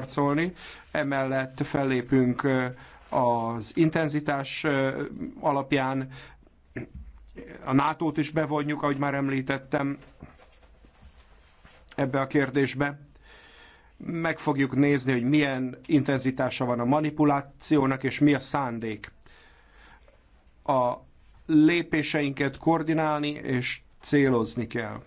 harcolni, emellett fellépünk az intenzitás alapján, a nato is bevonjuk, ahogy már említettem ebbe a kérdésbe. Meg fogjuk nézni, hogy milyen intenzitása van a manipulációnak, és mi a szándék. A lépéseinket koordinálni és célozni kell.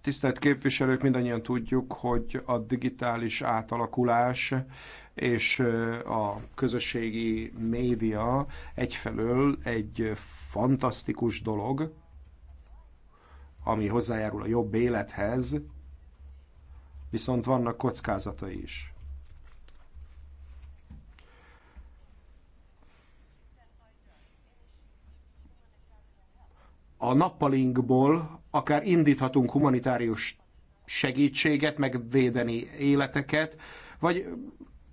Tisztelt képviselők, mindannyian tudjuk, hogy a digitális átalakulás és a közösségi média egyfelől egy fantasztikus dolog, ami hozzájárul a jobb élethez, viszont vannak kockázatai is. A nappalinkból akár indíthatunk humanitárius segítséget, megvédeni életeket, vagy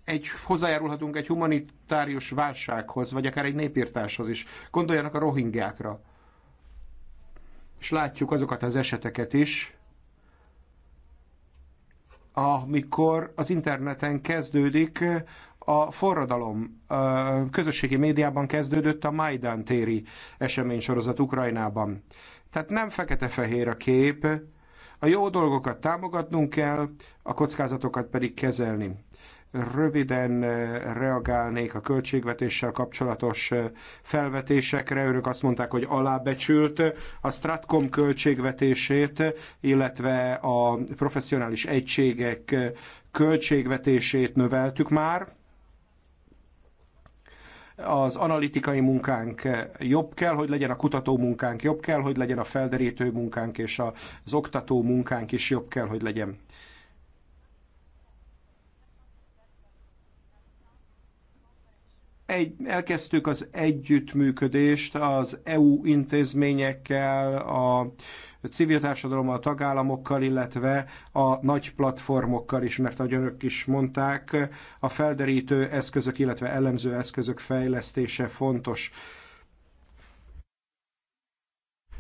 egy, hozzájárulhatunk egy humanitárius válsághoz, vagy akár egy népírtáshoz is. Gondoljanak a rohingyákra. És látjuk azokat az eseteket is, amikor az interneten kezdődik a forradalom. Közösségi médiában kezdődött a Majdán téri eseménysorozat Ukrajnában. Tehát nem fekete-fehér a kép, a jó dolgokat támogatnunk kell, a kockázatokat pedig kezelni. Röviden eh, reagálnék a költségvetéssel kapcsolatos eh, felvetésekre. Ők azt mondták, hogy alábecsült a Stratcom költségvetését, illetve a professzionális egységek eh, költségvetését növeltük már az analitikai munkánk jobb kell, hogy legyen a kutató munkánk jobb kell, hogy legyen a felderítő munkánk, és az oktató munkánk is jobb kell, hogy legyen. egy, elkezdtük az együttműködést az EU intézményekkel, a civil társadalommal, a tagállamokkal, illetve a nagy platformokkal is, mert ahogy önök is mondták, a felderítő eszközök, illetve elemző eszközök fejlesztése fontos.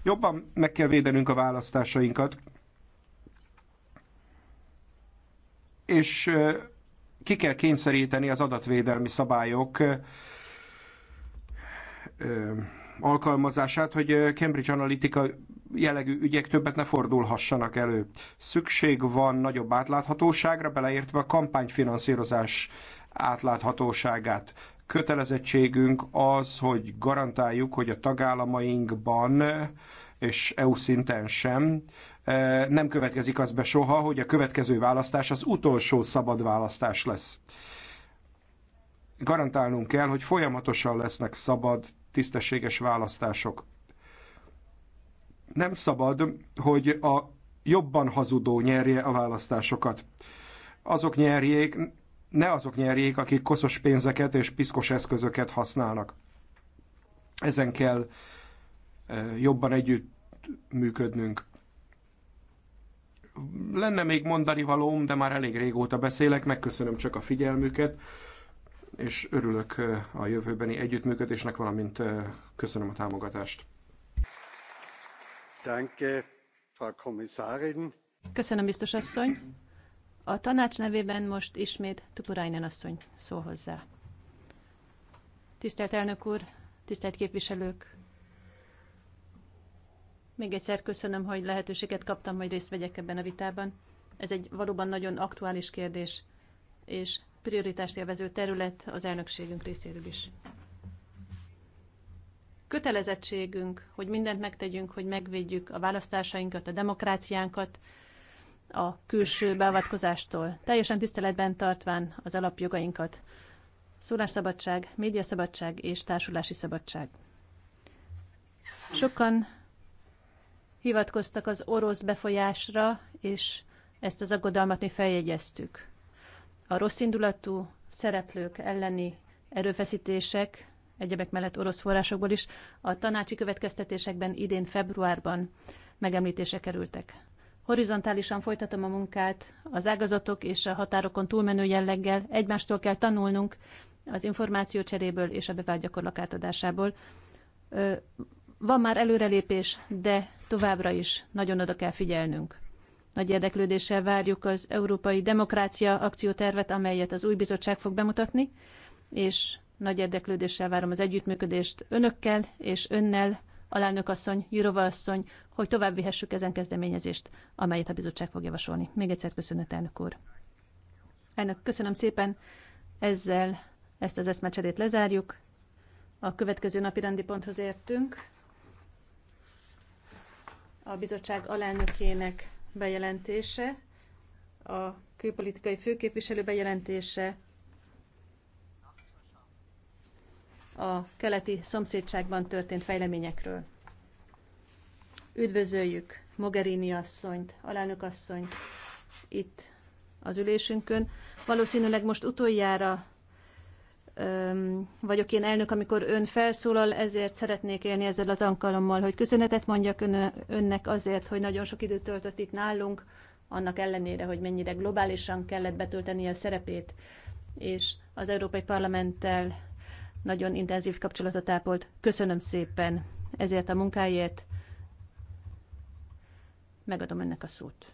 Jobban meg kell védenünk a választásainkat, és ki kell kényszeríteni az adatvédelmi szabályok alkalmazását, hogy Cambridge Analytica jellegű ügyek többet ne fordulhassanak elő. Szükség van nagyobb átláthatóságra, beleértve a kampányfinanszírozás átláthatóságát. Kötelezettségünk az, hogy garantáljuk, hogy a tagállamainkban és EU szinten sem e, nem következik az be soha, hogy a következő választás az utolsó szabad választás lesz. Garantálnunk kell, hogy folyamatosan lesznek szabad, tisztességes választások nem szabad, hogy a jobban hazudó nyerje a választásokat. Azok nyerjék, ne azok nyerjék, akik koszos pénzeket és piszkos eszközöket használnak. Ezen kell jobban együtt működnünk. Lenne még mondani valóm, de már elég régóta beszélek, megköszönöm csak a figyelmüket, és örülök a jövőbeni együttműködésnek, valamint köszönöm a támogatást. Köszönöm, biztos asszony. A tanács nevében most ismét Tupurainen asszony szól hozzá. Tisztelt elnök úr, tisztelt képviselők! Még egyszer köszönöm, hogy lehetőséget kaptam, hogy részt vegyek ebben a vitában. Ez egy valóban nagyon aktuális kérdés, és prioritást élvező terület az elnökségünk részéről is kötelezettségünk, hogy mindent megtegyünk, hogy megvédjük a választásainkat, a demokráciánkat a külső beavatkozástól, teljesen tiszteletben tartván az alapjogainkat. Szólásszabadság, médiaszabadság és társulási szabadság. Sokan hivatkoztak az orosz befolyásra, és ezt az aggodalmat mi feljegyeztük. A rosszindulatú szereplők elleni erőfeszítések egyebek mellett orosz forrásokból is, a tanácsi következtetésekben idén februárban megemlítése kerültek. Horizontálisan folytatom a munkát, az ágazatok és a határokon túlmenő jelleggel egymástól kell tanulnunk az információ cseréből és a bevált gyakorlak átadásából. Van már előrelépés, de továbbra is nagyon oda kell figyelnünk. Nagy érdeklődéssel várjuk az Európai Demokrácia akciótervet, amelyet az új bizottság fog bemutatni, és nagy érdeklődéssel várom az együttműködést önökkel és önnel, alelnök asszony, Jurova asszony, hogy tovább vihessük ezen kezdeményezést, amelyet a bizottság fog javasolni. Még egyszer köszönöm, elnök úr. Elnök, köszönöm szépen. Ezzel ezt az eszmecserét lezárjuk. A következő napi rendi ponthoz értünk. A bizottság alelnökének bejelentése, a külpolitikai főképviselő bejelentése, a keleti szomszédságban történt fejleményekről. Üdvözöljük Mogherini asszonyt, alelnök asszonyt itt az ülésünkön. Valószínűleg most utoljára öm, vagyok én elnök, amikor ön felszólal, ezért szeretnék élni ezzel az alkalommal, hogy köszönetet mondjak ön, önnek azért, hogy nagyon sok időt töltött itt nálunk, annak ellenére, hogy mennyire globálisan kellett betölteni a szerepét, és az Európai Parlamenttel nagyon intenzív kapcsolatot ápolt. Köszönöm szépen ezért a munkáért. Megadom ennek a szót.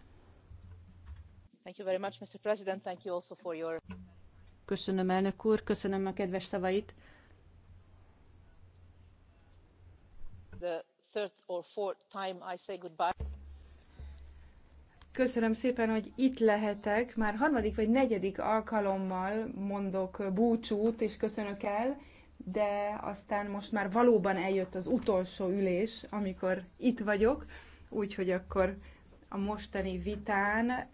Thank you very much, Mr. President. Thank you also for your... Köszönöm, elnök úr, köszönöm a kedves szavait. The third or fourth time I say goodbye. Köszönöm szépen, hogy itt lehetek. Már harmadik vagy negyedik alkalommal mondok búcsút, és köszönök el, de aztán most már valóban eljött az utolsó ülés, amikor itt vagyok, úgyhogy akkor a mostani vitán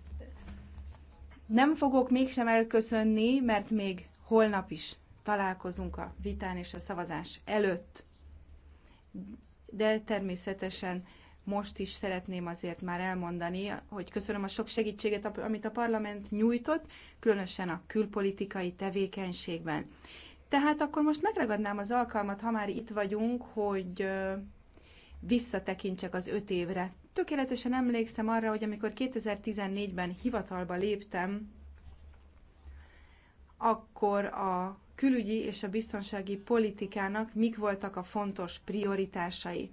nem fogok mégsem elköszönni, mert még holnap is találkozunk a vitán és a szavazás előtt. De természetesen most is szeretném azért már elmondani, hogy köszönöm a sok segítséget, amit a parlament nyújtott, különösen a külpolitikai tevékenységben. Tehát akkor most megragadnám az alkalmat, ha már itt vagyunk, hogy visszatekintsek az öt évre. Tökéletesen emlékszem arra, hogy amikor 2014-ben hivatalba léptem, akkor a külügyi és a biztonsági politikának mik voltak a fontos prioritásai.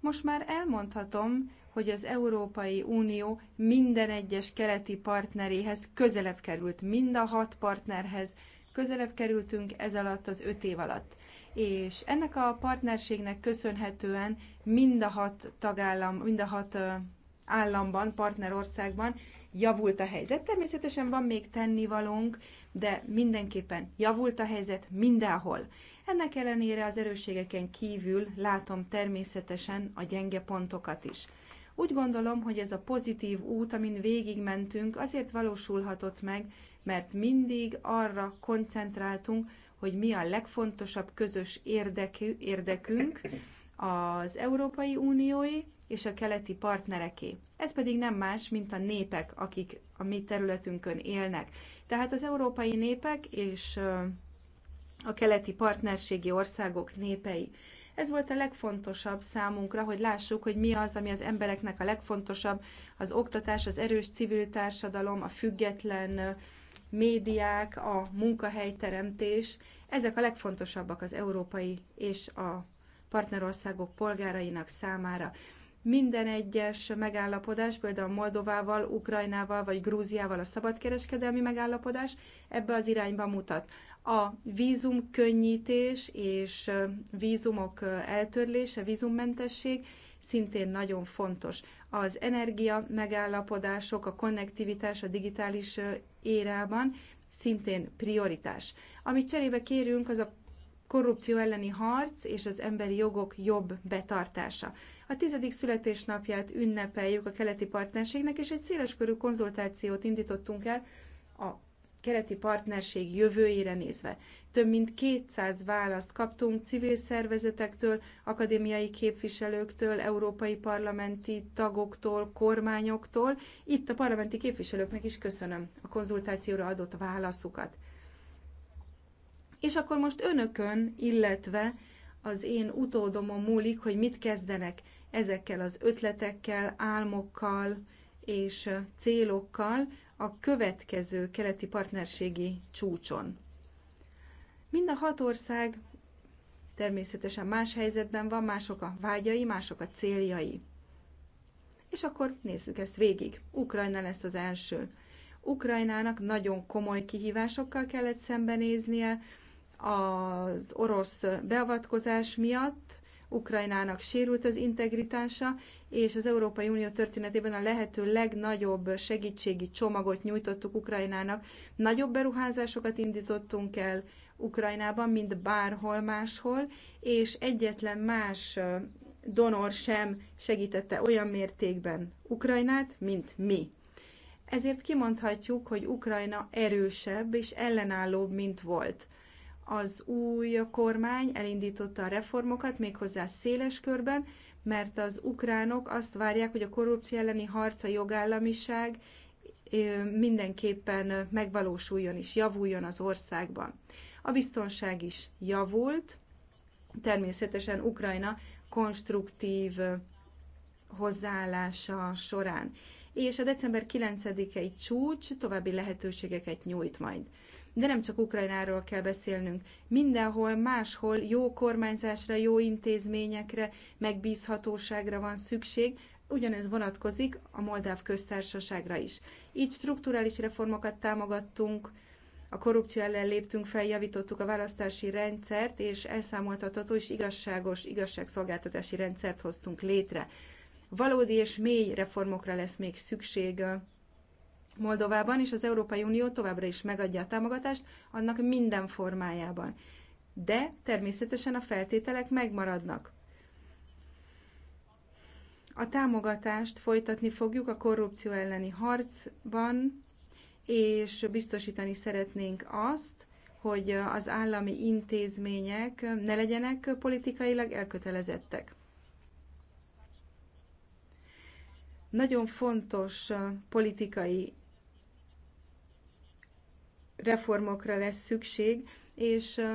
Most már elmondhatom, hogy az Európai Unió minden egyes keleti partneréhez közelebb került, mind a hat partnerhez, közelebb kerültünk ez alatt az öt év alatt. És ennek a partnerségnek köszönhetően mind a hat tagállam, mind a hat államban, partnerországban javult a helyzet. Természetesen van még tennivalónk, de mindenképpen javult a helyzet mindenhol. Ennek ellenére az erősségeken kívül látom természetesen a gyenge pontokat is. Úgy gondolom, hogy ez a pozitív út, amin végigmentünk, azért valósulhatott meg, mert mindig arra koncentráltunk, hogy mi a legfontosabb közös érdekű, érdekünk az Európai Uniói és a keleti partnereké. Ez pedig nem más, mint a népek, akik a mi területünkön élnek. Tehát az európai népek és a keleti partnerségi országok népei. Ez volt a legfontosabb számunkra, hogy lássuk, hogy mi az, ami az embereknek a legfontosabb, az oktatás, az erős civil társadalom, a független médiák, a munkahelyteremtés. Ezek a legfontosabbak az európai és a partnerországok polgárainak számára minden egyes megállapodás, például Moldovával, Ukrajnával vagy Grúziával a szabadkereskedelmi megállapodás ebbe az irányba mutat a vízum könnyítés és vízumok eltörlése, vízummentesség szintén nagyon fontos. Az energia megállapodások, a konnektivitás a digitális érában szintén prioritás. Amit cserébe kérünk, az a korrupció elleni harc és az emberi jogok jobb betartása. A tizedik születésnapját ünnepeljük a keleti partnerségnek, és egy széleskörű konzultációt indítottunk el a keleti partnerség jövőjére nézve. Több mint 200 választ kaptunk civil szervezetektől, akadémiai képviselőktől, európai parlamenti tagoktól, kormányoktól. Itt a parlamenti képviselőknek is köszönöm a konzultációra adott válaszukat. És akkor most önökön, illetve az én utódomon múlik, hogy mit kezdenek ezekkel az ötletekkel, álmokkal és célokkal, a következő keleti partnerségi csúcson. Mind a hat ország természetesen más helyzetben van, mások a vágyai, mások a céljai. És akkor nézzük ezt végig. Ukrajna lesz az első. Ukrajnának nagyon komoly kihívásokkal kellett szembenéznie az orosz beavatkozás miatt, Ukrajnának sérült az integritása, és az Európai Unió történetében a lehető legnagyobb segítségi csomagot nyújtottuk Ukrajnának. Nagyobb beruházásokat indítottunk el Ukrajnában, mint bárhol máshol, és egyetlen más donor sem segítette olyan mértékben Ukrajnát, mint mi. Ezért kimondhatjuk, hogy Ukrajna erősebb és ellenállóbb, mint volt az új kormány elindította a reformokat, méghozzá széles körben, mert az ukránok azt várják, hogy a korrupció elleni harc, a jogállamiság mindenképpen megvalósuljon és javuljon az országban. A biztonság is javult, természetesen Ukrajna konstruktív hozzáállása során. És a december 9-i csúcs további lehetőségeket nyújt majd. De nem csak Ukrajnáról kell beszélnünk. Mindenhol máshol jó kormányzásra, jó intézményekre, megbízhatóságra van szükség, ugyanez vonatkozik a Moldáv köztársaságra is. Így strukturális reformokat támogattunk, a korrupció ellen léptünk fel, javítottuk a választási rendszert, és elszámoltatható és igazságos igazságszolgáltatási rendszert hoztunk létre. Valódi és mély reformokra lesz még szükség Moldovában, és az Európai Unió továbbra is megadja a támogatást annak minden formájában. De természetesen a feltételek megmaradnak. A támogatást folytatni fogjuk a korrupció elleni harcban, és biztosítani szeretnénk azt, hogy az állami intézmények ne legyenek politikailag elkötelezettek. Nagyon fontos politikai reformokra lesz szükség, és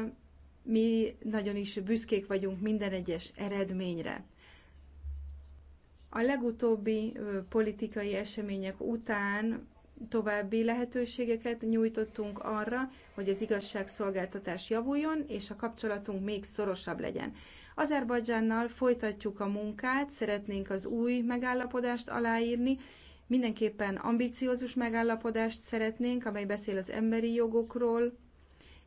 mi nagyon is büszkék vagyunk minden egyes eredményre. A legutóbbi politikai események után további lehetőségeket nyújtottunk arra, hogy az igazságszolgáltatás javuljon, és a kapcsolatunk még szorosabb legyen. Azerbajdzsánnal folytatjuk a munkát, szeretnénk az új megállapodást aláírni, Mindenképpen ambiciózus megállapodást szeretnénk, amely beszél az emberi jogokról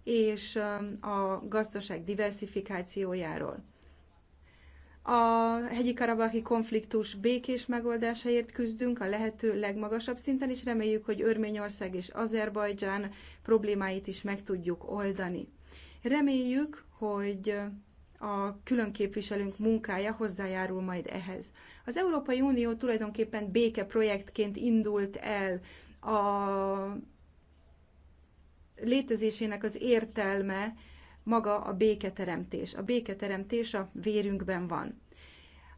és um, a gazdaság diversifikációjáról. A hegyi karabahi konfliktus békés megoldásáért küzdünk a lehető legmagasabb szinten, és reméljük, hogy Örményország és Azerbajdzsán problémáit is meg tudjuk oldani. Reméljük, hogy a külön képviselőnk munkája hozzájárul majd ehhez. Az Európai Unió tulajdonképpen békeprojektként indult el a létezésének az értelme maga a béketeremtés. A béketeremtés a vérünkben van.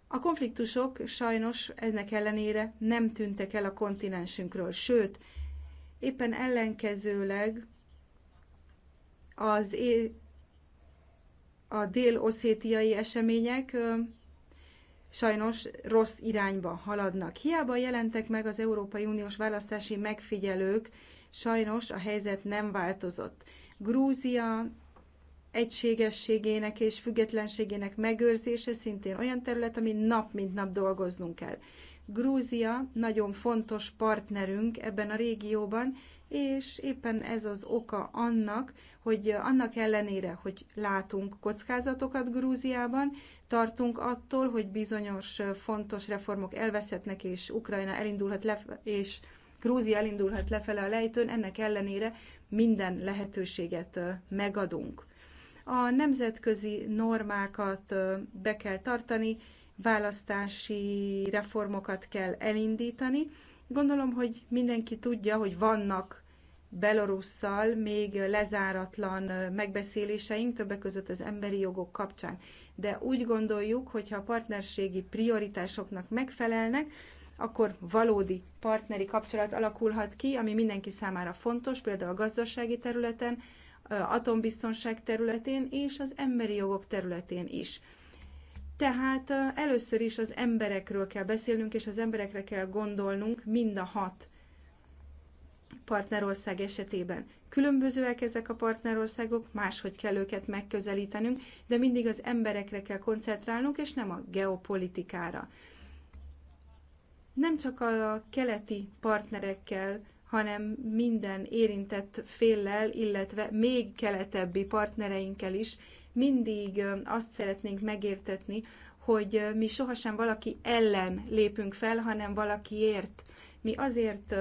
A konfliktusok sajnos ennek ellenére nem tűntek el a kontinensünkről, sőt, éppen ellenkezőleg az a dél-oszétiai események sajnos rossz irányba haladnak. Hiába jelentek meg az Európai Uniós választási megfigyelők, sajnos a helyzet nem változott. Grúzia egységességének és függetlenségének megőrzése szintén olyan terület, ami nap mint nap dolgoznunk kell. Grúzia nagyon fontos partnerünk ebben a régióban, és éppen ez az oka annak, hogy annak ellenére, hogy látunk kockázatokat Grúziában, tartunk attól, hogy bizonyos fontos reformok elveszhetnek, és Ukrajna elindulhat le, és Grúzia elindulhat lefele a lejtőn, ennek ellenére minden lehetőséget megadunk. A nemzetközi normákat be kell tartani, választási reformokat kell elindítani. Gondolom, hogy mindenki tudja, hogy vannak Belorusszal még lezáratlan megbeszéléseink, többek között az emberi jogok kapcsán. De úgy gondoljuk, hogy ha a partnerségi prioritásoknak megfelelnek, akkor valódi partneri kapcsolat alakulhat ki, ami mindenki számára fontos, például a gazdasági területen, atombiztonság területén és az emberi jogok területén is. Tehát először is az emberekről kell beszélnünk, és az emberekre kell gondolnunk mind a hat partnerország esetében. Különbözőek ezek a partnerországok, máshogy kell őket megközelítenünk, de mindig az emberekre kell koncentrálnunk, és nem a geopolitikára. Nem csak a keleti partnerekkel, hanem minden érintett féllel, illetve még keletebbi partnereinkkel is mindig azt szeretnénk megértetni, hogy mi sohasem valaki ellen lépünk fel, hanem valakiért. Mi azért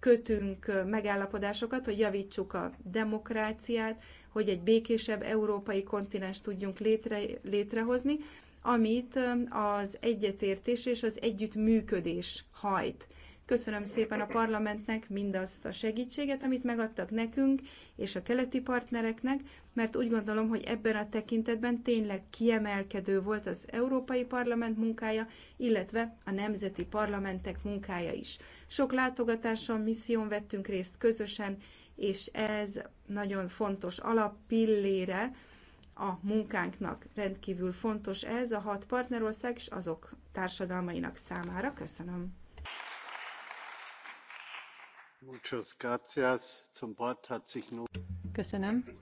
kötünk megállapodásokat, hogy javítsuk a demokráciát, hogy egy békésebb európai kontinens tudjunk létre, létrehozni, amit az egyetértés és az együttműködés hajt. Köszönöm szépen a parlamentnek mindazt a segítséget, amit megadtak nekünk és a keleti partnereknek, mert úgy gondolom, hogy ebben a tekintetben tényleg kiemelkedő volt az Európai Parlament munkája, illetve a nemzeti parlamentek munkája is. Sok látogatáson, misszión vettünk részt közösen, és ez nagyon fontos alappillére a munkánknak. Rendkívül fontos ez a hat partnerország és azok társadalmainak számára. Köszönöm. Köszönöm.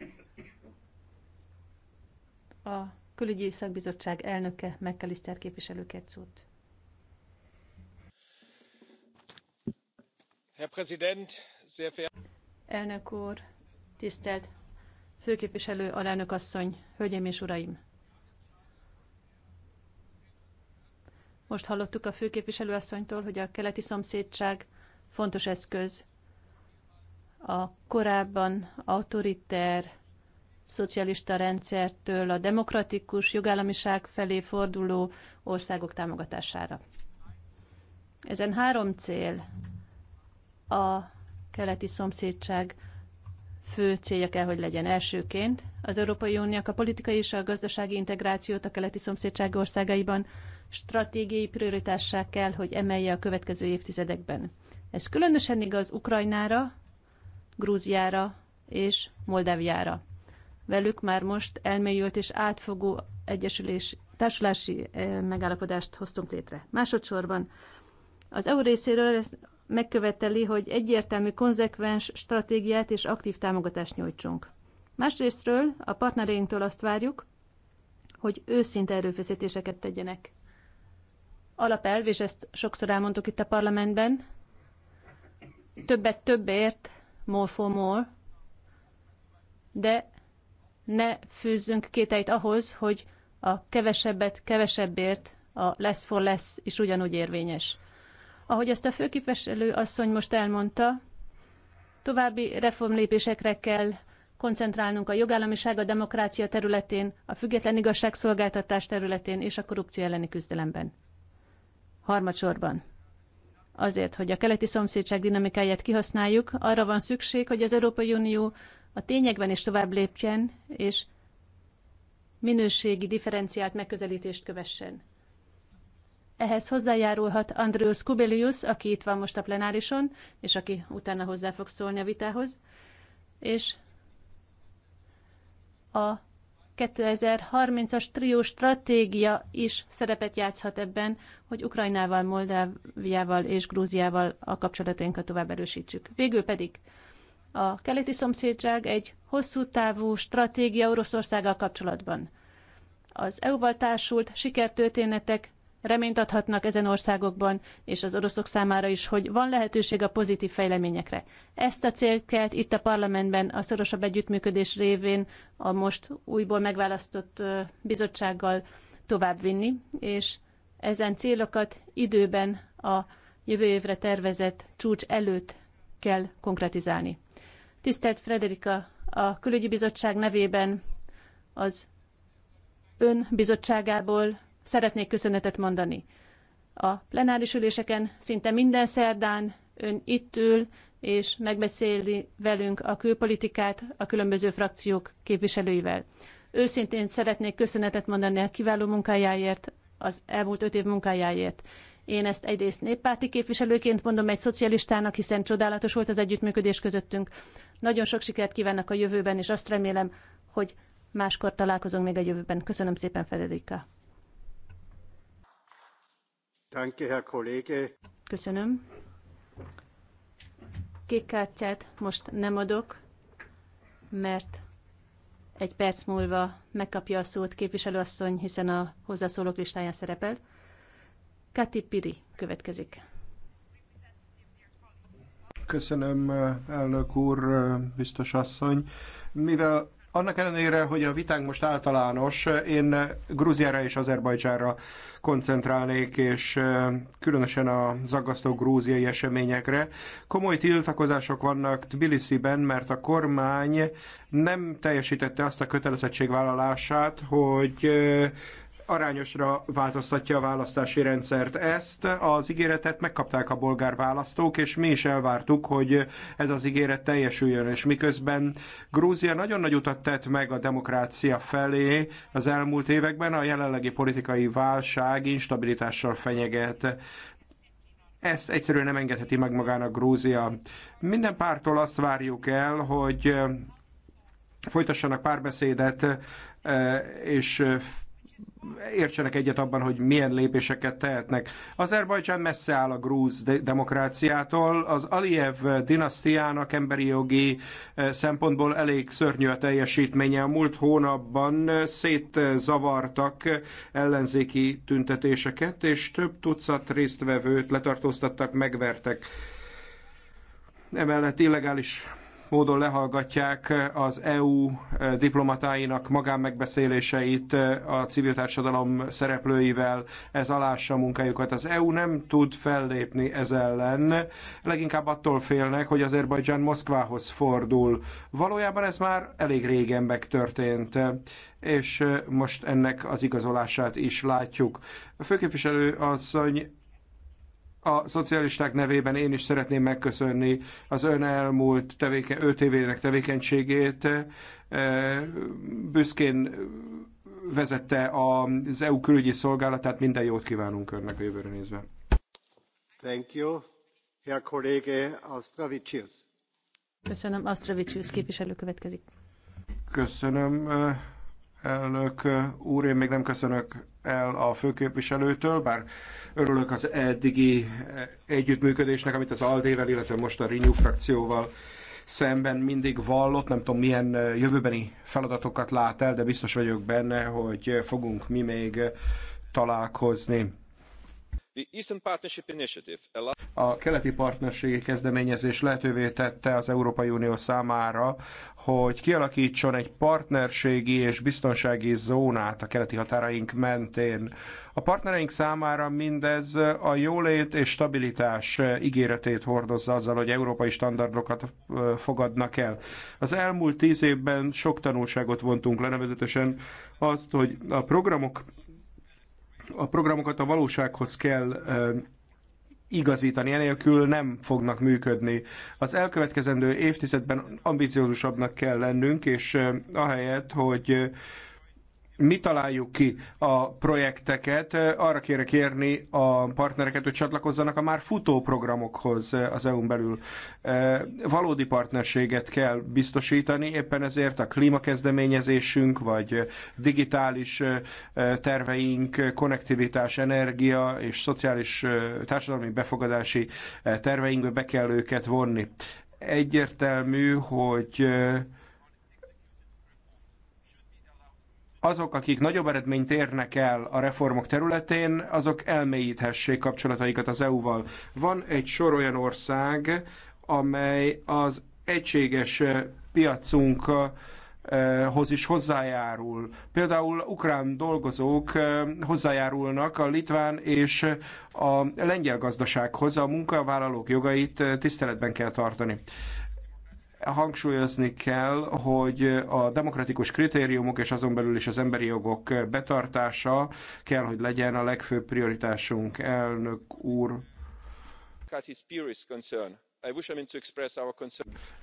A külügyi szakbizottság elnöke McAllister képviselő kért szót. Herr sehr Elnök úr, tisztelt főképviselő alelnök asszony, hölgyeim és uraim! Most hallottuk a főképviselő asszonytól, hogy a keleti szomszédság fontos eszköz a korábban autoriter szocialista rendszertől a demokratikus jogállamiság felé forduló országok támogatására. Ezen három cél a keleti szomszédság fő célja kell, hogy legyen elsőként. Az Európai Uniók a politikai és a gazdasági integrációt a keleti szomszédság országaiban stratégiai prioritássá kell, hogy emelje a következő évtizedekben. Ez különösen igaz Ukrajnára, Grúziára és Moldáviára. Velük már most elmélyült és átfogó egyesülés, társulási eh, megállapodást hoztunk létre. Másodszorban az EU részéről ez megköveteli, hogy egyértelmű, konzekvens stratégiát és aktív támogatást nyújtsunk. Másrésztről a partnereinktől azt várjuk, hogy őszinte erőfeszítéseket tegyenek. Alapelv, és ezt sokszor elmondtuk itt a parlamentben, többet többért, more for more, de ne fűzzünk kételyt ahhoz, hogy a kevesebbet kevesebbért a less for less is ugyanúgy érvényes. Ahogy ezt a főképviselő asszony most elmondta, további reformlépésekre kell koncentrálnunk a jogállamiság, a demokrácia területén, a független igazságszolgáltatás területén és a korrupció elleni küzdelemben. Harmadsorban Azért, hogy a keleti szomszédság dinamikáját kihasználjuk, arra van szükség, hogy az Európai Unió a tényekben is tovább lépjen, és minőségi differenciált megközelítést kövessen. Ehhez hozzájárulhat Andrius Kubelius, aki itt van most a plenárison, és aki utána hozzá fog szólni a vitához, és a 2030-as trió stratégia is szerepet játszhat ebben, hogy Ukrajnával, Moldáviával és Grúziával a kapcsolatainkat tovább erősítsük. Végül pedig a keleti szomszédság egy hosszú távú stratégia Oroszországgal kapcsolatban. Az EU-val társult sikertörténetek reményt adhatnak ezen országokban, és az oroszok számára is, hogy van lehetőség a pozitív fejleményekre. Ezt a célt kelt itt a parlamentben a szorosabb együttműködés révén a most újból megválasztott bizottsággal továbbvinni, és ezen célokat időben a jövő évre tervezett csúcs előtt kell konkretizálni. Tisztelt Frederika, a külügyi bizottság nevében az ön bizottságából szeretnék köszönetet mondani. A plenáris üléseken szinte minden szerdán ön itt ül, és megbeszéli velünk a külpolitikát a különböző frakciók képviselőivel. Őszintén szeretnék köszönetet mondani a kiváló munkájáért, az elmúlt öt év munkájáért. Én ezt egyrészt néppárti képviselőként mondom egy szocialistának, hiszen csodálatos volt az együttműködés közöttünk. Nagyon sok sikert kívánok a jövőben, és azt remélem, hogy máskor találkozunk még a jövőben. Köszönöm szépen, Federica. Köszönöm. Kék kártyát most nem adok, mert egy perc múlva megkapja a szót képviselőasszony, hiszen a hozzászólók listáján szerepel. Kati Piri következik. Köszönöm, elnök úr, biztos asszony. Mivel annak ellenére, hogy a vitánk most általános, én Grúziára és Azerbajdzsára koncentrálnék, és különösen a zagasztó grúziai eseményekre. Komoly tiltakozások vannak Tbilisiben, mert a kormány nem teljesítette azt a kötelezettségvállalását, hogy arányosra változtatja a választási rendszert. Ezt az ígéretet megkapták a bolgár választók, és mi is elvártuk, hogy ez az ígéret teljesüljön. És miközben Grúzia nagyon nagy utat tett meg a demokrácia felé az elmúlt években, a jelenlegi politikai válság instabilitással fenyeget. Ezt egyszerűen nem engedheti meg magának Grúzia. Minden pártól azt várjuk el, hogy folytassanak párbeszédet, eh, és értsenek egyet abban, hogy milyen lépéseket tehetnek. Azerbajdzsán messze áll a grúz demokráciától, az Aliyev dinasztiának emberi jogi eh, szempontból elég szörnyű a teljesítménye. A múlt hónapban eh, szétzavartak eh, ellenzéki tüntetéseket, és több tucat résztvevőt letartóztattak, megvertek. Emellett illegális módon lehallgatják az EU eh, diplomatáinak magánmegbeszéléseit eh, a civil társadalom szereplőivel, ez alássa munkájukat. Az EU nem tud fellépni ez ellen, leginkább attól félnek, hogy Azerbajdzsán Moszkvához fordul. Valójában ez már elég régen megtörtént eh, és most ennek az igazolását is látjuk. A főképviselő asszony a szocialisták nevében én is szeretném megköszönni az ön elmúlt tevéke, ő tévének tevékenységét. E, büszkén vezette az EU külügyi szolgálatát. Minden jót kívánunk önnek a jövőre nézve. Thank you. Herr Kollege Astravicius. Köszönöm, Astravicius képviselő következik. Köszönöm, elnök úr, én még nem köszönök el a főképviselőtől, bár örülök az eddigi együttműködésnek, amit az Aldével, illetve most a Renew frakcióval szemben mindig vallott, nem tudom milyen jövőbeni feladatokat lát el, de biztos vagyok benne, hogy fogunk mi még találkozni. A keleti partnerségi kezdeményezés lehetővé tette az Európai Unió számára, hogy kialakítson egy partnerségi és biztonsági zónát a keleti határaink mentén. A partnereink számára mindez a jólét és stabilitás ígéretét hordozza azzal, hogy európai standardokat fogadnak el. Az elmúlt tíz évben sok tanulságot vontunk le, nevezetesen azt, hogy a programok a programokat a valósághoz kell igazítani, enélkül nem fognak működni. Az elkövetkezendő évtizedben ambiciózusabbnak kell lennünk, és ahelyett, hogy mi találjuk ki a projekteket, arra kérek kérni a partnereket, hogy csatlakozzanak a már futó programokhoz az EU-n belül. E, valódi partnerséget kell biztosítani, éppen ezért a klímakezdeményezésünk, vagy digitális e, terveink, konnektivitás, energia és szociális e, társadalmi befogadási terveinkbe be kell őket vonni. Egyértelmű, hogy azok, akik nagyobb eredményt érnek el a reformok területén, azok elmélyíthessék kapcsolataikat az EU-val. Van egy sor olyan ország, amely az egységes piacunk hoz is hozzájárul. Például ukrán dolgozók hozzájárulnak a litván és a lengyel gazdasághoz, a munkavállalók jogait tiszteletben kell tartani hangsúlyozni kell, hogy a demokratikus kritériumok és azon belül is az emberi jogok betartása kell, hogy legyen a legfőbb prioritásunk, elnök úr.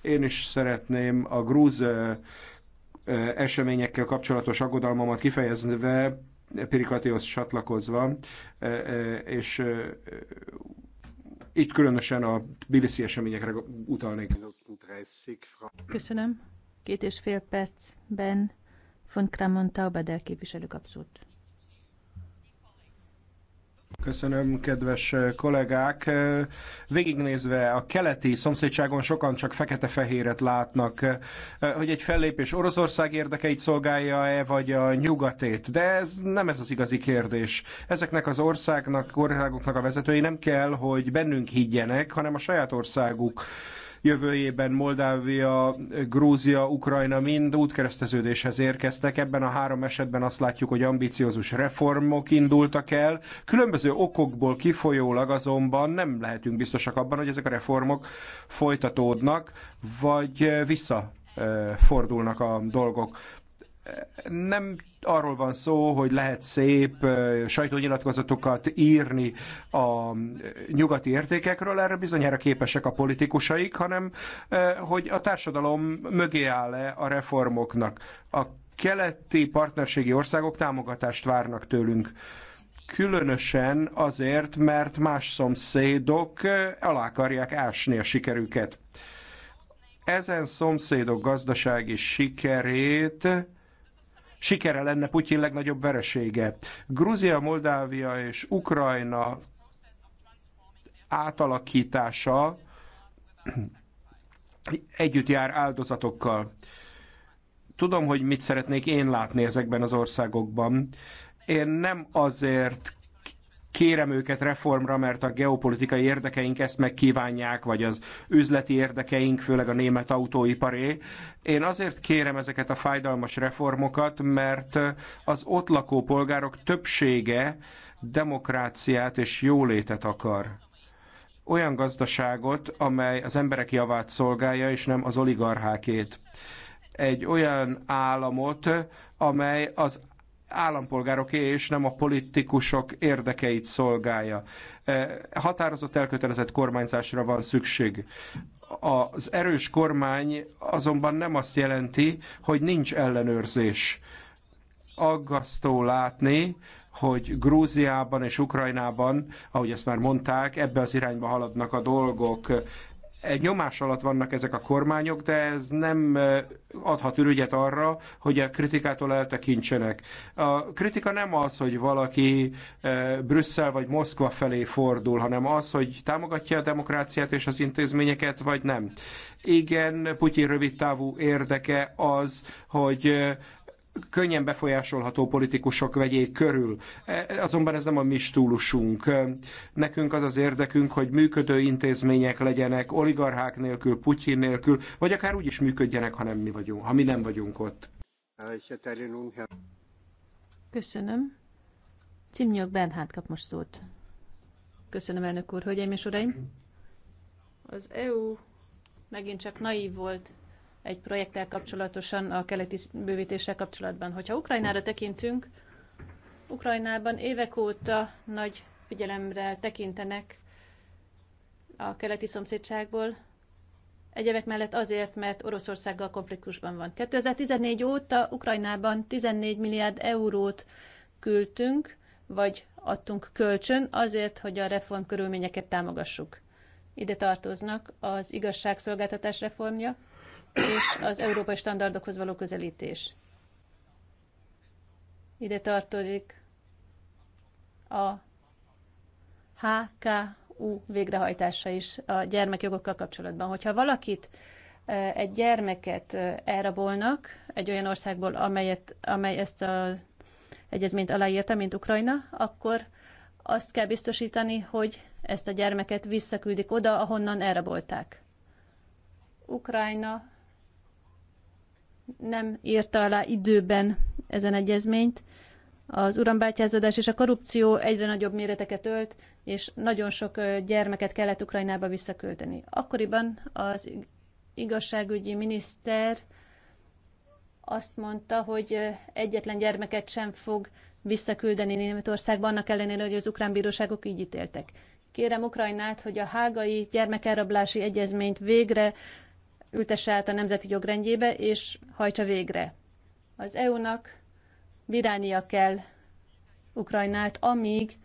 Én is szeretném a grúz eseményekkel kapcsolatos aggodalmamat kifejezve, Pirikatihoz csatlakozva, és itt különösen a Tbilisi eseményekre utalnék. Köszönöm. Két és fél percben von Kramon Taubadel képviselő kapszót. Köszönöm, kedves eh, kollégák. Eh, végignézve a keleti szomszédságon sokan csak fekete-fehéret látnak, eh, hogy egy fellépés Oroszország érdekeit szolgálja-e, vagy a nyugatét. De ez nem ez az igazi kérdés. Ezeknek az országnak, országoknak a vezetői nem kell, hogy bennünk higgyenek, hanem a saját országuk jövőjében Moldávia, Grúzia, Ukrajna mind útkereszteződéshez érkeztek. Ebben a három esetben azt látjuk, hogy ambiciózus reformok indultak el. Különböző okokból kifolyólag azonban nem lehetünk biztosak abban, hogy ezek a reformok folytatódnak, vagy vissza fordulnak a dolgok nem arról van szó, hogy lehet szép sajtónyilatkozatokat írni a nyugati értékekről, erre bizonyára képesek a politikusaik, hanem hogy a társadalom mögé áll-e a reformoknak. A keleti partnerségi országok támogatást várnak tőlünk. Különösen azért, mert más szomszédok alá akarják ásni a sikerüket. Ezen szomszédok gazdasági sikerét sikere lenne Putyin legnagyobb veresége. Grúzia, Moldávia és Ukrajna átalakítása együtt jár áldozatokkal. Tudom, hogy mit szeretnék én látni ezekben az országokban. Én nem azért kérem őket reformra, mert a geopolitikai érdekeink ezt megkívánják, vagy az üzleti érdekeink, főleg a német autóiparé. Én azért kérem ezeket a fájdalmas reformokat, mert az ott lakó polgárok többsége demokráciát és jólétet akar. Olyan gazdaságot, amely az emberek javát szolgálja, és nem az oligarchákét. Egy olyan államot, amely az állampolgároké és nem a politikusok érdekeit szolgálja. E, határozott elkötelezett kormányzásra van szükség. Az erős kormány azonban nem azt jelenti, hogy nincs ellenőrzés. Aggasztó látni, hogy Grúziában és Ukrajnában, ahogy ezt már mondták, ebbe az irányba haladnak a dolgok nyomás alatt vannak ezek a kormányok, de ez nem adhat ürügyet arra, hogy a kritikától eltekintsenek. A kritika nem az, hogy valaki Brüsszel vagy Moszkva felé fordul, hanem az, hogy támogatja a demokráciát és az intézményeket, vagy nem. Igen, Putyin rövidtávú érdeke az, hogy könnyen befolyásolható politikusok vegyék körül. E, azonban ez nem a mi stúlusunk. Nekünk az az érdekünk, hogy működő intézmények legyenek, oligarchák nélkül, Putyin nélkül, vagy akár úgy is működjenek, ha, nem mi, vagyunk, ha mi nem vagyunk ott. Köszönöm. Cimnyok Bernhard kap most szót. Köszönöm, elnök úr, hölgyeim és uraim. Az EU megint csak naív volt egy projekttel kapcsolatosan, a keleti bővítéssel kapcsolatban. Hogyha Ukrajnára tekintünk, Ukrajnában évek óta nagy figyelemre tekintenek a keleti szomszédságból, egyebek mellett azért, mert Oroszországgal konfliktusban van. 2014 óta Ukrajnában 14 milliárd eurót küldtünk, vagy adtunk kölcsön azért, hogy a reform körülményeket támogassuk. Ide tartoznak az igazságszolgáltatás reformja és az európai standardokhoz való közelítés. Ide tartozik a HKU végrehajtása is a gyermekjogokkal kapcsolatban. Hogyha valakit e, egy gyermeket e, elrabolnak egy olyan országból, amelyet, amely ezt az egyezményt aláírta, mint Ukrajna, akkor azt kell biztosítani, hogy ezt a gyermeket visszaküldik oda, ahonnan elrabolták. Ukrajna nem írta alá időben ezen egyezményt. Az urambátyázódás és a korrupció egyre nagyobb méreteket ölt, és nagyon sok gyermeket kellett Ukrajnába visszaküldeni. Akkoriban az igazságügyi miniszter azt mondta, hogy egyetlen gyermeket sem fog visszaküldeni Németországba, annak ellenére, hogy az ukrán bíróságok így ítéltek. Kérem Ukrajnát, hogy a hágai gyermekelrablási egyezményt végre ültesse át a nemzeti jogrendjébe, és hajtsa végre. Az EU-nak virálnia kell Ukrajnát, amíg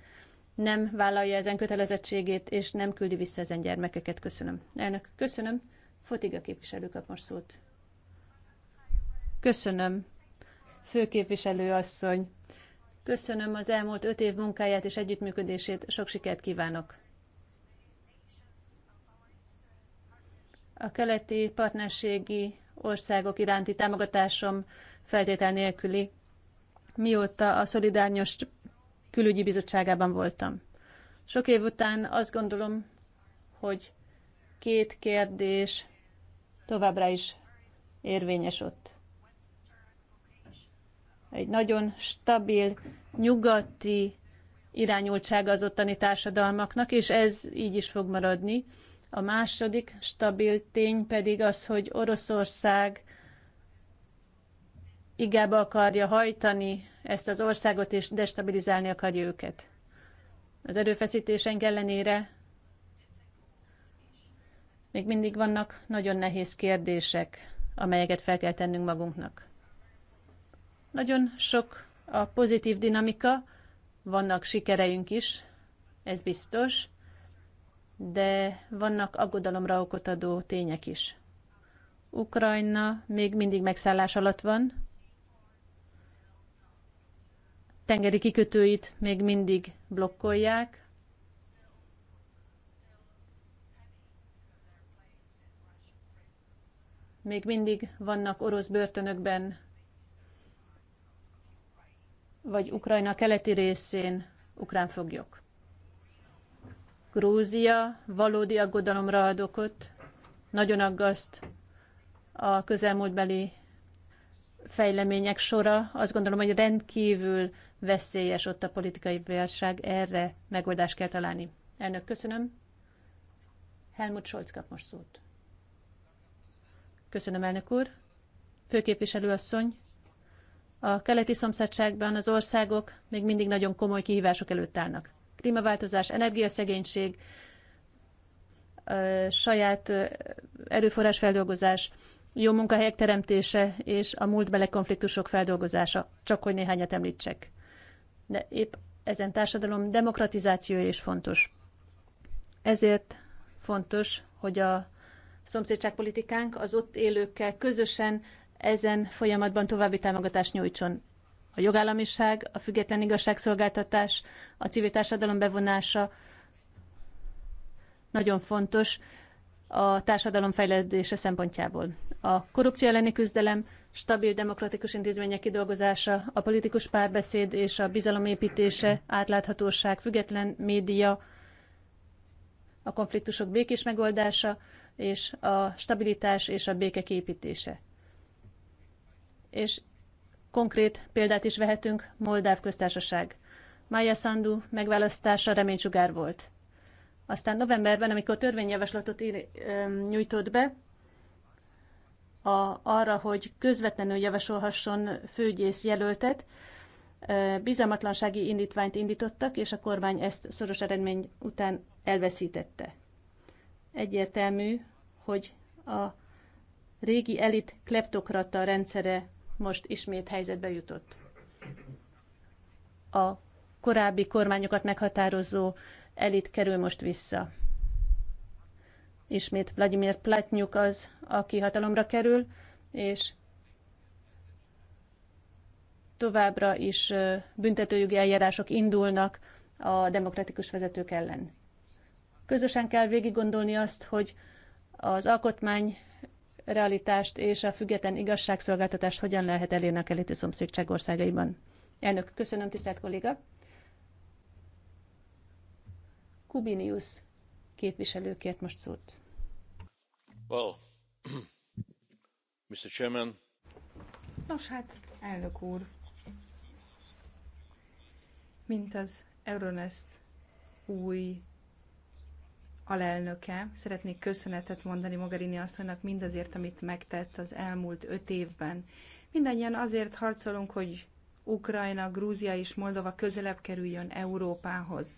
nem vállalja ezen kötelezettségét, és nem küldi vissza ezen gyermekeket. Köszönöm. Elnök, köszönöm. Fotiga képviselő kap most szót. Köszönöm, főképviselő asszony. Köszönöm az elmúlt öt év munkáját és együttműködését, sok sikert kívánok! A keleti partnerségi országok iránti támogatásom feltétel nélküli, mióta a Szolidárnyos Külügyi Bizottságában voltam. Sok év után azt gondolom, hogy két kérdés továbbra is érvényes ott. Egy nagyon stabil, nyugati irányultság az ottani társadalmaknak, és ez így is fog maradni. A második stabil tény pedig az, hogy Oroszország igába akarja hajtani ezt az országot, és destabilizálni akarja őket. Az erőfeszítéseink ellenére még mindig vannak nagyon nehéz kérdések, amelyeket fel kell tennünk magunknak. Nagyon sok a pozitív dinamika, vannak sikereink is, ez biztos, de vannak aggodalomra okot adó tények is. Ukrajna még mindig megszállás alatt van, tengeri kikötőit még mindig blokkolják, még mindig vannak orosz börtönökben, vagy Ukrajna keleti részén ukrán foglyok. Grúzia valódi aggodalomra ad okot, nagyon aggaszt a közelmúltbeli fejlemények sora. Azt gondolom, hogy rendkívül veszélyes ott a politikai válság, erre megoldást kell találni. Elnök, köszönöm. Helmut Scholz kap most szót. Köszönöm, elnök úr. Főképviselő asszony, a keleti szomszédságban az országok még mindig nagyon komoly kihívások előtt állnak klímaváltozás, energiaszegénység, saját erőforrásfeldolgozás, jó munkahelyek teremtése és a múltbeli konfliktusok feldolgozása, csak hogy néhányat említsek. De épp ezen társadalom demokratizációja is fontos. Ezért fontos, hogy a szomszédságpolitikánk az ott élőkkel közösen ezen folyamatban további támogatást nyújtson a jogállamiság, a független igazságszolgáltatás, a civil társadalom bevonása nagyon fontos a társadalom fejlődése szempontjából. A korrupció elleni küzdelem, stabil demokratikus intézmények kidolgozása, a politikus párbeszéd és a bizalom építése, átláthatóság, független média, a konfliktusok békés megoldása és a stabilitás és a béke képítése. És Konkrét példát is vehetünk, Moldáv köztársaság. Maya Sandu megválasztása reménysugár volt. Aztán novemberben, amikor törvényjavaslatot ír, nyújtott be, a, arra, hogy közvetlenül javasolhasson főgyész jelöltet, bizalmatlansági indítványt indítottak, és a kormány ezt szoros eredmény után elveszítette. Egyértelmű, hogy a régi elit kleptokrata rendszere most ismét helyzetbe jutott. A korábbi kormányokat meghatározó elit kerül most vissza. Ismét Vladimir Platnyuk az, aki hatalomra kerül, és továbbra is büntetőjogi eljárások indulnak a demokratikus vezetők ellen. Közösen kell végig gondolni azt, hogy az alkotmány realitást és a független igazságszolgáltatást hogyan lehet elérni a keleti szomszédság országaiban. Elnök, köszönöm, tisztelt kolléga. Kubinius képviselőkért most szót. Well, Mr. Chairman. Nos hát, elnök úr, mint az Euronest új alelnöke. Szeretnék köszönetet mondani Mogherini asszonynak mindazért, amit megtett az elmúlt öt évben. Mindannyian azért harcolunk, hogy Ukrajna, Grúzia és Moldova közelebb kerüljön Európához.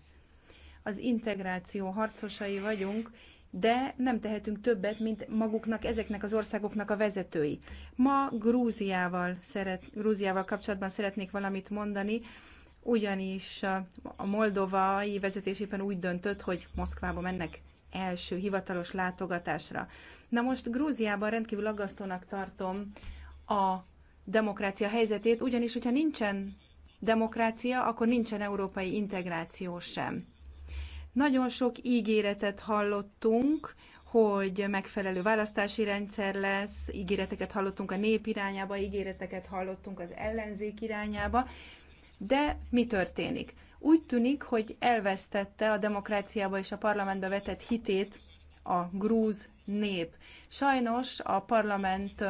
Az integráció harcosai vagyunk, de nem tehetünk többet, mint maguknak, ezeknek az országoknak a vezetői. Ma Grúziával, szeret, Grúziával kapcsolatban szeretnék valamit mondani ugyanis a moldovai vezetés éppen úgy döntött, hogy Moszkvába mennek első hivatalos látogatásra. Na most Grúziában rendkívül aggasztónak tartom a demokrácia helyzetét, ugyanis, hogyha nincsen demokrácia, akkor nincsen európai integráció sem. Nagyon sok ígéretet hallottunk, hogy megfelelő választási rendszer lesz, ígéreteket hallottunk a nép irányába, ígéreteket hallottunk az ellenzék irányába, de mi történik? Úgy tűnik, hogy elvesztette a demokráciába és a parlamentbe vetett hitét a grúz nép. Sajnos a parlament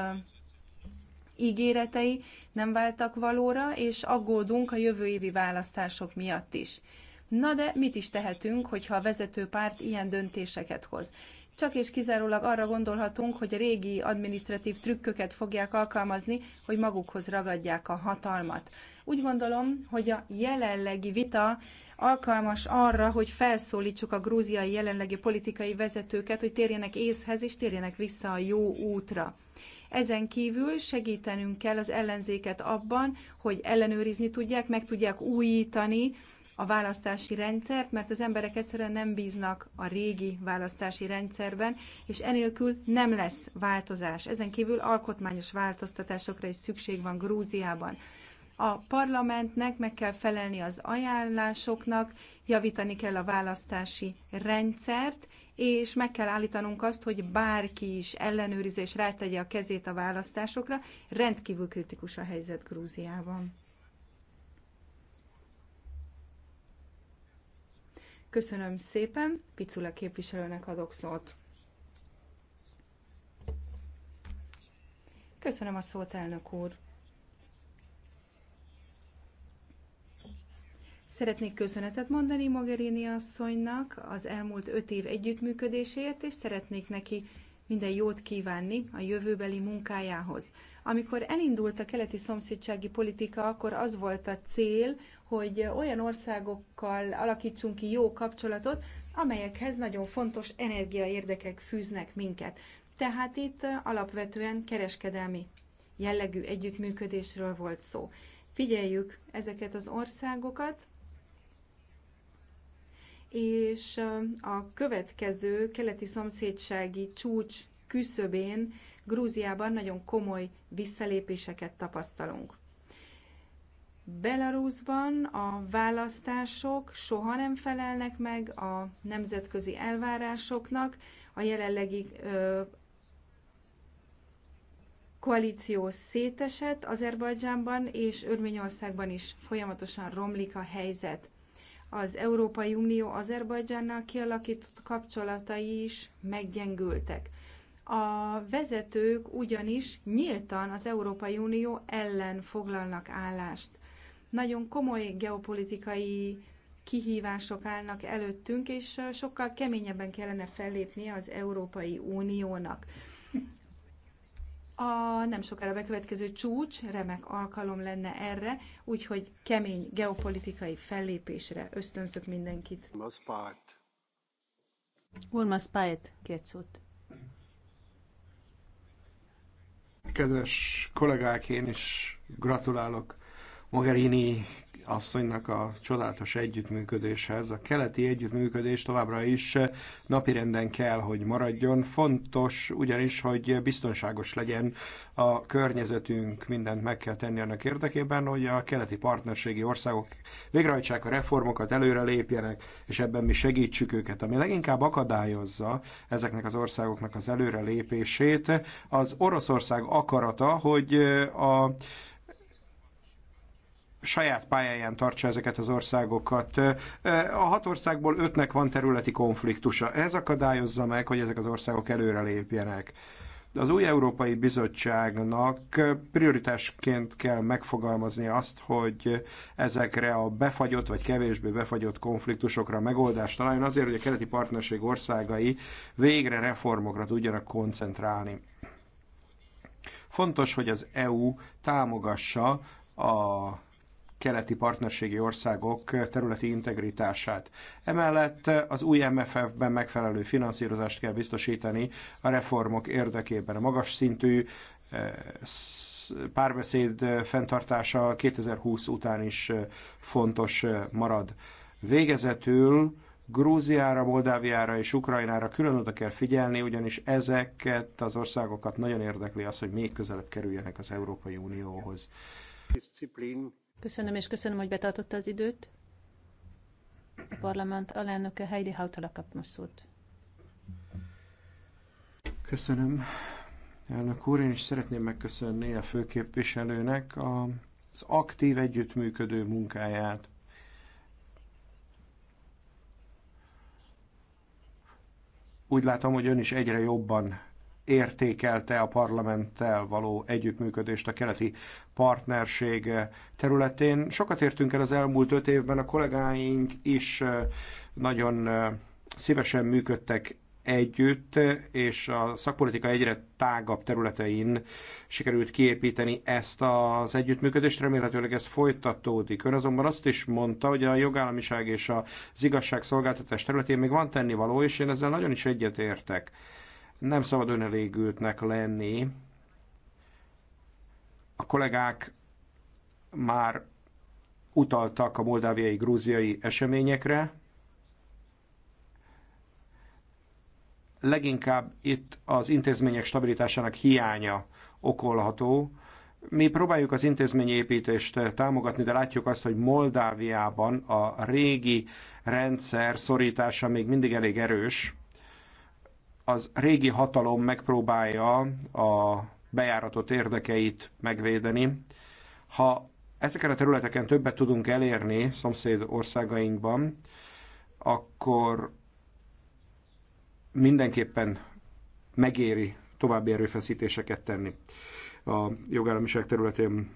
ígéretei nem váltak valóra, és aggódunk a jövő évi választások miatt is. Na de mit is tehetünk, hogyha a vezető párt ilyen döntéseket hoz? csak és kizárólag arra gondolhatunk, hogy a régi administratív trükköket fogják alkalmazni, hogy magukhoz ragadják a hatalmat. Úgy gondolom, hogy a jelenlegi vita alkalmas arra, hogy felszólítsuk a grúziai jelenlegi politikai vezetőket, hogy térjenek észhez és térjenek vissza a jó útra. Ezen kívül segítenünk kell az ellenzéket abban, hogy ellenőrizni tudják, meg tudják újítani a választási rendszert, mert az emberek egyszerűen nem bíznak a régi választási rendszerben, és enélkül nem lesz változás. Ezen kívül alkotmányos változtatásokra is szükség van Grúziában. A parlamentnek meg kell felelni az ajánlásoknak, javítani kell a választási rendszert, és meg kell állítanunk azt, hogy bárki is ellenőrizés rátegye a kezét a választásokra. Rendkívül kritikus a helyzet Grúziában. Köszönöm szépen, Picula képviselőnek adok szót. Köszönöm a szót, elnök úr. Szeretnék köszönetet mondani Mogherini asszonynak az elmúlt öt év együttműködéséért, és szeretnék neki minden jót kívánni a jövőbeli munkájához. Amikor elindult a keleti szomszédsági politika, akkor az volt a cél, hogy olyan országokkal alakítsunk ki jó kapcsolatot, amelyekhez nagyon fontos energiaérdekek fűznek minket. Tehát itt alapvetően kereskedelmi jellegű együttműködésről volt szó. Figyeljük ezeket az országokat, és a következő keleti szomszédsági csúcs küszöbén Grúziában nagyon komoly visszalépéseket tapasztalunk. Belarusban a választások soha nem felelnek meg a nemzetközi elvárásoknak, a jelenlegi ö, koalíció szétesett Azerbajdzsánban, és Örményországban is folyamatosan romlik a helyzet. Az Európai Unió Azerbajdzsánnal kialakított kapcsolatai is meggyengültek. A vezetők ugyanis nyíltan az Európai Unió ellen foglalnak állást. Nagyon komoly geopolitikai kihívások állnak előttünk, és sokkal keményebben kellene fellépnie az Európai Uniónak. A nem sokára bekövetkező csúcs remek alkalom lenne erre, úgyhogy kemény geopolitikai fellépésre ösztönzök mindenkit. Maspát. Ulma Spájt, két szót. Kedves kollégák, én is gratulálok Mogherini asszonynak a csodálatos együttműködéshez. A keleti együttműködés továbbra is napirenden kell, hogy maradjon. Fontos ugyanis, hogy biztonságos legyen a környezetünk, mindent meg kell tenni annak érdekében, hogy a keleti partnerségi országok végrehajtsák a reformokat, előrelépjenek, és ebben mi segítsük őket. Ami leginkább akadályozza ezeknek az országoknak az előrelépését, az Oroszország akarata, hogy a saját pályáján tartsa ezeket az országokat. A hat országból ötnek van területi konfliktusa. Ez akadályozza meg, hogy ezek az országok előrelépjenek. Az új Európai Bizottságnak prioritásként kell megfogalmazni azt, hogy ezekre a befagyott vagy kevésbé befagyott konfliktusokra megoldást találjon azért, hogy a keleti partnerség országai végre reformokra tudjanak koncentrálni. Fontos, hogy az EU támogassa a keleti partnerségi országok területi integritását. Emellett az új MFF-ben megfelelő finanszírozást kell biztosítani a reformok érdekében. A magas szintű eh, párbeszéd fenntartása 2020 után is eh, fontos eh, marad. Végezetül Grúziára, Moldáviára és Ukrajnára külön oda kell figyelni, ugyanis ezeket az országokat nagyon érdekli az, hogy még közelebb kerüljenek az Európai Unióhoz. Disziplin Köszönöm, és köszönöm, hogy betartotta az időt. A parlament alelnöke Heidi Hautala kap most szót. Köszönöm, elnök úr. Én is szeretném megköszönni a főképviselőnek az aktív együttműködő munkáját. Úgy látom, hogy ön is egyre jobban értékelte a parlamenttel való együttműködést a keleti partnerség területén. Sokat értünk el az elmúlt öt évben, a kollégáink is nagyon szívesen működtek együtt, és a szakpolitika egyre tágabb területein sikerült kiépíteni ezt az együttműködést, remélhetőleg ez folytatódik. Ön azonban azt is mondta, hogy a jogállamiság és az igazságszolgáltatás területén még van tennivaló, és én ezzel nagyon is egyetértek. Nem szabad önelégültnek lenni. A kollégák már utaltak a moldáviai, grúziai eseményekre. Leginkább itt az intézmények stabilitásának hiánya okolható. Mi próbáljuk az intézményépítést támogatni, de látjuk azt, hogy Moldáviában a régi rendszer szorítása még mindig elég erős az régi hatalom megpróbálja a bejáratott érdekeit megvédeni. Ha ezeken a területeken többet tudunk elérni szomszéd országainkban, akkor mindenképpen megéri további erőfeszítéseket tenni a jogállamiság területén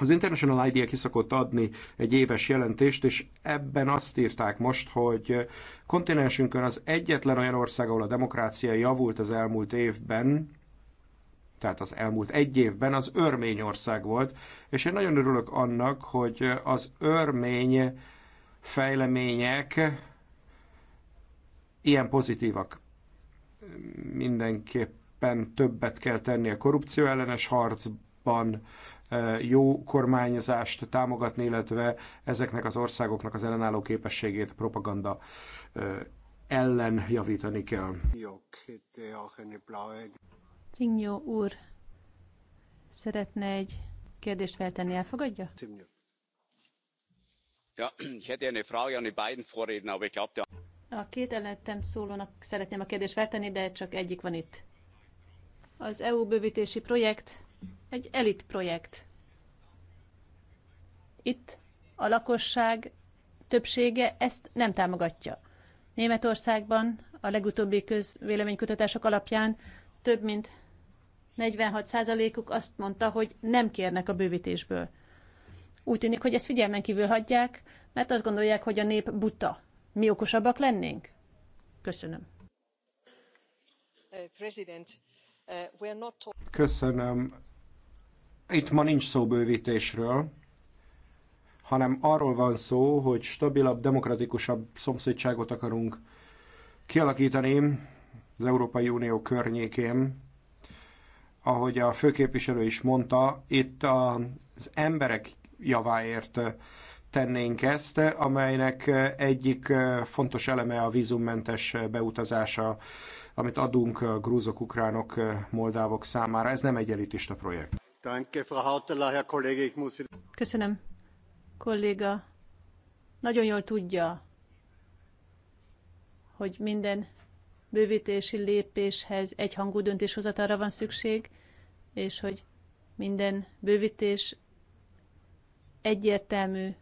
az International IDEA kiszakott adni egy éves jelentést, és ebben azt írták most, hogy kontinensünkön az egyetlen olyan ország, ahol a demokrácia javult az elmúlt évben, tehát az elmúlt egy évben, az Örményország volt, és én nagyon örülök annak, hogy az örmény fejlemények ilyen pozitívak. Mindenképpen többet kell tenni a korrupció ellenes harcban, jó kormányzást támogatni, illetve ezeknek az országoknak az ellenálló képességét propaganda ellen javítani kell. Cignyó úr szeretne egy kérdést feltenni, elfogadja? A két ellentem szólónak szeretném a kérdést feltenni, de csak egyik van itt. Az EU bővítési projekt egy elit projekt. Itt a lakosság többsége ezt nem támogatja. Németországban a legutóbbi közvéleménykutatások alapján több mint 46%-uk azt mondta, hogy nem kérnek a bővítésből. Úgy tűnik, hogy ezt figyelmen kívül hagyják, mert azt gondolják, hogy a nép buta. Mi okosabbak lennénk? Köszönöm. Uh, uh, Köszönöm, itt ma nincs szó bővítésről, hanem arról van szó, hogy stabilabb, demokratikusabb szomszédságot akarunk kialakítani az Európai Unió környékén. Ahogy a főképviselő is mondta, itt az emberek javáért tennénk ezt, amelynek egyik fontos eleme a vízummentes beutazása, amit adunk a grúzok, ukránok, moldávok számára. Ez nem egy elitista projekt. Köszönöm, kolléga. Nagyon jól tudja, hogy minden bővítési lépéshez egyhangú döntéshozatalra van szükség, és hogy minden bővítés egyértelmű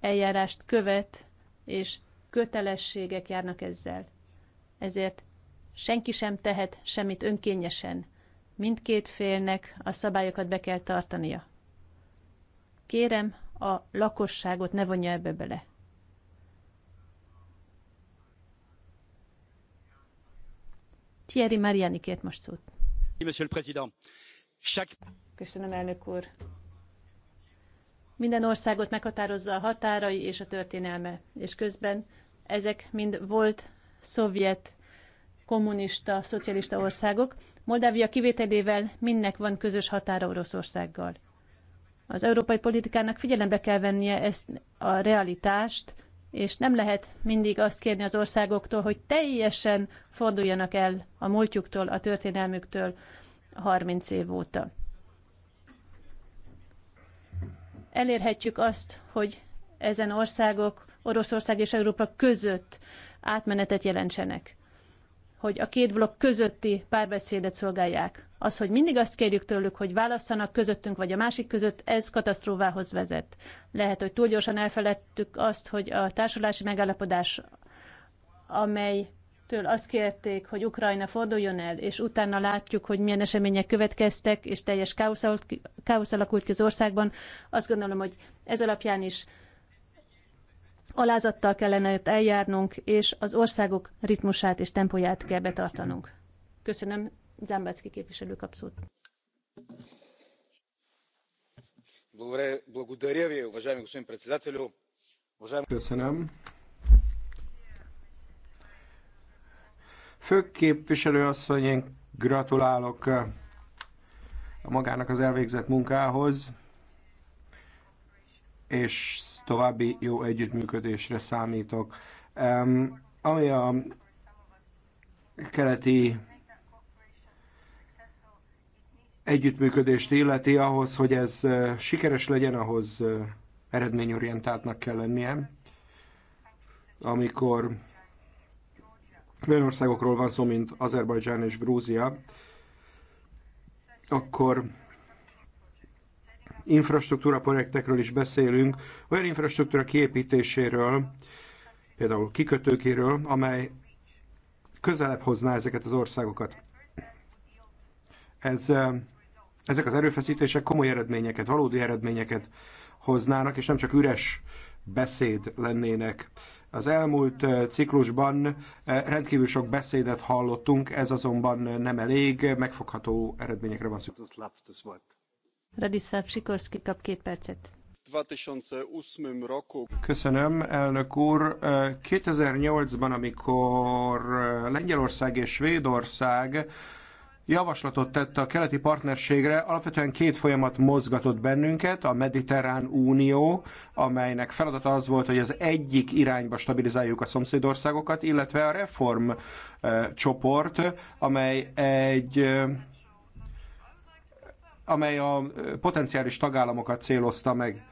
eljárást követ, és kötelességek járnak ezzel. Ezért senki sem tehet semmit önkényesen Mindkét félnek a szabályokat be kell tartania. Kérem, a lakosságot ne vonja ebbe bele. Thierry Mariani kért most szót. Köszönöm, elnök úr. Minden országot meghatározza a határai és a történelme, és közben ezek mind volt szovjet, kommunista, szocialista országok, Moldávia kivételével mindnek van közös határa Oroszországgal. Az európai politikának figyelembe kell vennie ezt a realitást, és nem lehet mindig azt kérni az országoktól, hogy teljesen forduljanak el a múltjuktól, a történelmüktől 30 év óta. Elérhetjük azt, hogy ezen országok Oroszország és Európa között átmenetet jelentsenek hogy a két blokk közötti párbeszédet szolgálják. Az, hogy mindig azt kérjük tőlük, hogy válasszanak közöttünk vagy a másik között, ez katasztrófához vezet. Lehet, hogy túl gyorsan elfeledtük azt, hogy a társulási megállapodás, amely től azt kérték, hogy Ukrajna forduljon el, és utána látjuk, hogy milyen események következtek, és teljes káosz alakult ki az országban. Azt gondolom, hogy ez alapján is alázattal kellene eljárnunk, és az országok ritmusát és tempóját kell betartanunk. Köszönöm, Zambacki képviselő kapszót. Köszönöm. Főképviselő asszony, én gratulálok magának az elvégzett munkához, és további jó együttműködésre számítok. Ami a keleti együttműködést illeti, ahhoz, hogy ez sikeres legyen, ahhoz eredményorientáltnak kell lennie. Amikor olyan országokról van szó, mint Azerbajdzsán és Grúzia, akkor infrastruktúra projektekről is beszélünk, olyan infrastruktúra kiépítéséről, például kikötőkéről, amely közelebb hozná ezeket az országokat. Ez, eh, ezek az erőfeszítések komoly eredményeket, valódi eredményeket hoznának, és nem csak üres beszéd lennének. Az elmúlt eh, ciklusban eh, rendkívül sok beszédet hallottunk, ez azonban nem elég, megfogható eredményekre van szükség. Radislav Sikorski kap két percet. 2008 Köszönöm, elnök úr. 2008-ban, amikor Lengyelország és Svédország javaslatot tett a keleti partnerségre, alapvetően két folyamat mozgatott bennünket, a Mediterrán Unió, amelynek feladata az volt, hogy az egyik irányba stabilizáljuk a szomszédországokat, illetve a reform eh, csoport, amely egy eh, amely a potenciális tagállamokat célozta meg.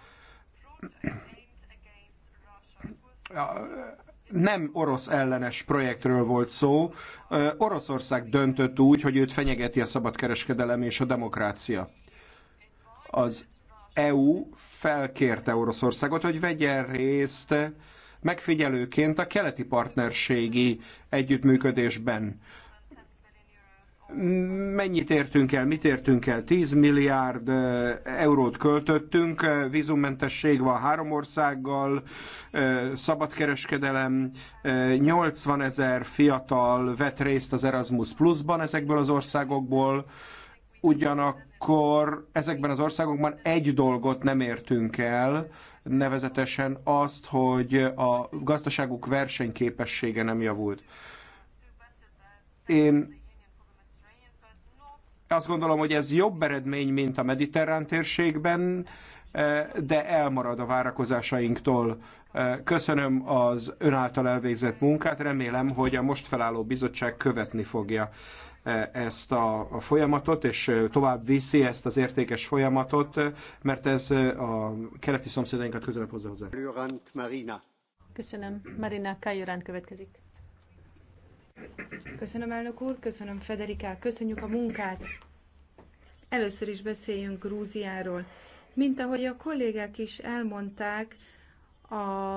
Nem orosz ellenes projektről volt szó. Oroszország döntött úgy, hogy őt fenyegeti a szabadkereskedelem és a demokrácia. Az EU felkérte Oroszországot, hogy vegyen részt megfigyelőként a keleti partnerségi együttműködésben mennyit értünk el, mit értünk el, 10 milliárd eurót költöttünk, vízummentesség van három országgal, szabadkereskedelem, 80 ezer fiatal vett részt az Erasmus Plus-ban ezekből az országokból, ugyanakkor ezekben az országokban egy dolgot nem értünk el, nevezetesen azt, hogy a gazdaságuk versenyképessége nem javult. Én azt gondolom, hogy ez jobb eredmény, mint a mediterrán térségben, eh, de elmarad a várakozásainktól. Eh, köszönöm az ön által elvégzett munkát, remélem, hogy a most felálló bizottság követni fogja eh, ezt a folyamatot, és tovább viszi ezt az értékes folyamatot, mert ez a keleti szomszédainkat közelebb hozza hozzá. Köszönöm. Marina Kajurán következik. Köszönöm, elnök úr, köszönöm, Federiká, köszönjük a munkát. Először is beszéljünk Grúziáról. Mint ahogy a kollégák is elmondták, a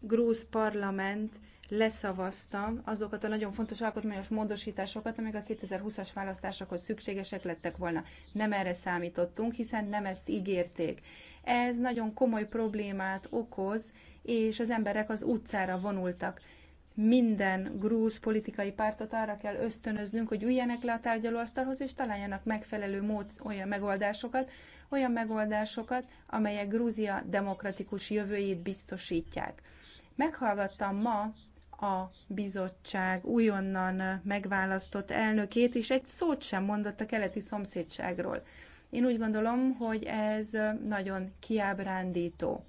grúz parlament leszavazta azokat a nagyon fontos alkotmányos módosításokat, amik a 2020-as választásokhoz szükségesek lettek volna. Nem erre számítottunk, hiszen nem ezt ígérték. Ez nagyon komoly problémát okoz, és az emberek az utcára vonultak minden grúz politikai pártot arra kell ösztönöznünk, hogy üljenek le a tárgyalóasztalhoz, és találjanak megfelelő mód, olyan megoldásokat, olyan megoldásokat, amelyek Grúzia demokratikus jövőjét biztosítják. Meghallgattam ma a bizottság újonnan megválasztott elnökét, és egy szót sem mondott a keleti szomszédságról. Én úgy gondolom, hogy ez nagyon kiábrándító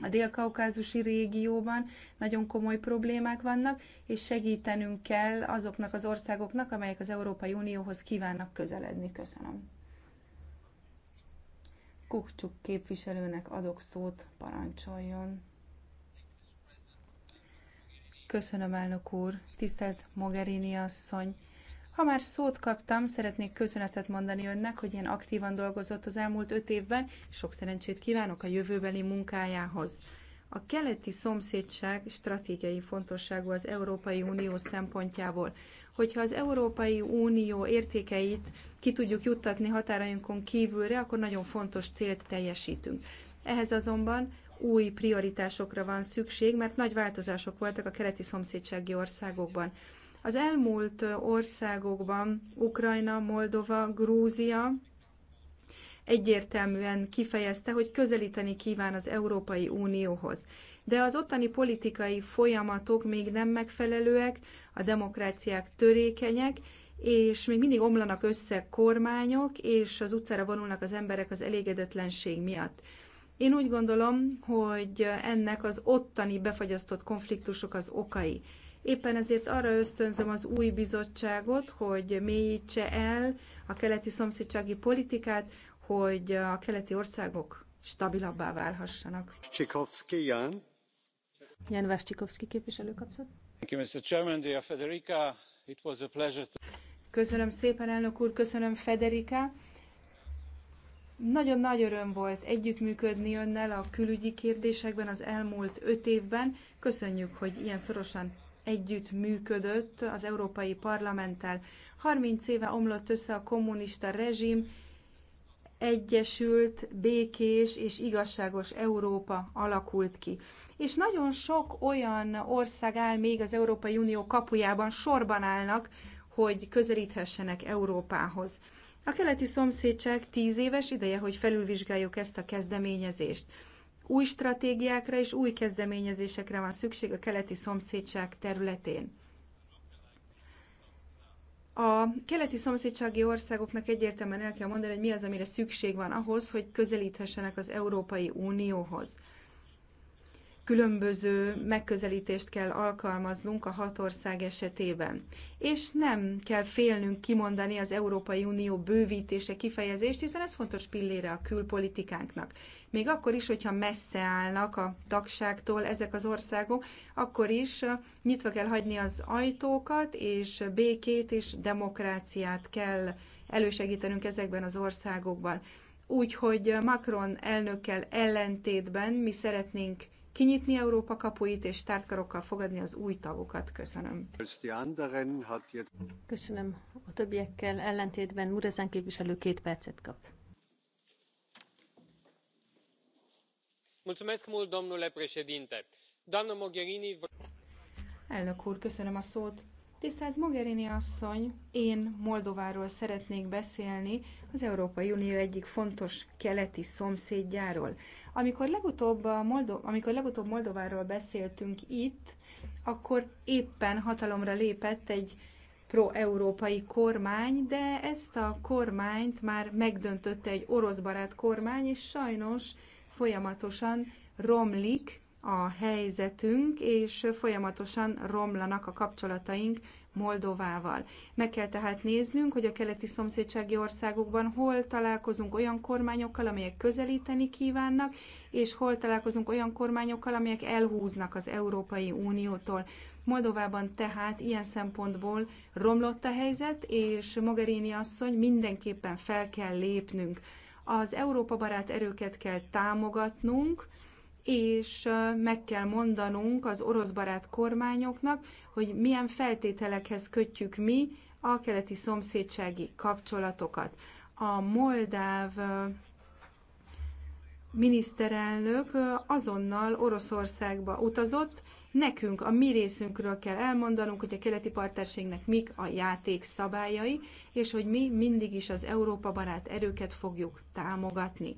a dél-kaukázusi régióban nagyon komoly problémák vannak, és segítenünk kell azoknak az országoknak, amelyek az Európai Unióhoz kívánnak közeledni. Köszönöm. Kukcsuk képviselőnek adok szót, parancsoljon. Köszönöm, elnök úr. Tisztelt Mogherini asszony! Ha már szót kaptam, szeretnék köszönetet mondani önnek, hogy ilyen aktívan dolgozott az elmúlt öt évben, sok szerencsét kívánok a jövőbeli munkájához. A keleti szomszédság stratégiai fontosságú az Európai Unió szempontjából. Hogyha az Európai Unió értékeit ki tudjuk juttatni határainkon kívülre, akkor nagyon fontos célt teljesítünk. Ehhez azonban új prioritásokra van szükség, mert nagy változások voltak a keleti szomszédsági országokban. Az elmúlt országokban, Ukrajna, Moldova, Grúzia egyértelműen kifejezte, hogy közelíteni kíván az Európai Unióhoz. De az ottani politikai folyamatok még nem megfelelőek, a demokráciák törékenyek, és még mindig omlanak össze kormányok, és az utcára vonulnak az emberek az elégedetlenség miatt. Én úgy gondolom, hogy ennek az ottani befagyasztott konfliktusok az okai. Éppen ezért arra ösztönzöm az új bizottságot, hogy mélyítse el a keleti szomszédsági politikát, hogy a keleti országok stabilabbá válhassanak. Csikovszki Jan. Ján Vászcsikovszki képviselő kapcsolat. Köszönöm szépen, elnök úr, köszönöm Federica. Nagyon nagy öröm volt együttműködni önnel a külügyi kérdésekben az elmúlt öt évben. Köszönjük, hogy ilyen szorosan együtt működött az Európai Parlamenttel. 30 éve omlott össze a kommunista rezsim, egyesült, békés és igazságos Európa alakult ki. És nagyon sok olyan ország áll még az Európai Unió kapujában, sorban állnak, hogy közelíthessenek Európához. A keleti szomszédság tíz éves ideje, hogy felülvizsgáljuk ezt a kezdeményezést új stratégiákra és új kezdeményezésekre van szükség a keleti szomszédság területén. A keleti szomszédsági országoknak egyértelműen el kell mondani, hogy mi az, amire szükség van ahhoz, hogy közelíthessenek az Európai Unióhoz különböző megközelítést kell alkalmaznunk a hat ország esetében. És nem kell félnünk kimondani az Európai Unió bővítése kifejezést, hiszen ez fontos pillére a külpolitikánknak. Még akkor is, hogyha messze állnak a tagságtól ezek az országok, akkor is nyitva kell hagyni az ajtókat, és békét és demokráciát kell elősegítenünk ezekben az országokban. Úgyhogy Macron elnökkel ellentétben mi szeretnénk kinyitni Európa kapuit és tártkarokkal fogadni az új tagokat. Köszönöm. Köszönöm. A többiekkel ellentétben Murezán képviselő két percet kap. Mulțumesc mult, domnule președinte. Doamnă Mogherini... Elnök úr, köszönöm a szót. Tisztelt Mogherini asszony, én Moldováról szeretnék beszélni, az Európai Unió egyik fontos keleti szomszédjáról. Amikor legutóbb, a Moldo- amikor legutóbb Moldováról beszéltünk itt, akkor éppen hatalomra lépett egy pro-európai kormány, de ezt a kormányt már megdöntötte egy orosz barát kormány, és sajnos folyamatosan romlik a helyzetünk, és folyamatosan romlanak a kapcsolataink Moldovával. Meg kell tehát néznünk, hogy a keleti szomszédsági országokban hol találkozunk olyan kormányokkal, amelyek közelíteni kívánnak, és hol találkozunk olyan kormányokkal, amelyek elhúznak az Európai Uniótól. Moldovában tehát ilyen szempontból romlott a helyzet, és Mogherini asszony mindenképpen fel kell lépnünk. Az Európa barát erőket kell támogatnunk, és meg kell mondanunk az orosz barát kormányoknak, hogy milyen feltételekhez kötjük mi a keleti szomszédsági kapcsolatokat. A moldáv miniszterelnök azonnal Oroszországba utazott, nekünk a mi részünkről kell elmondanunk, hogy a keleti partnerségnek mik a játék szabályai, és hogy mi mindig is az Európa barát erőket fogjuk támogatni.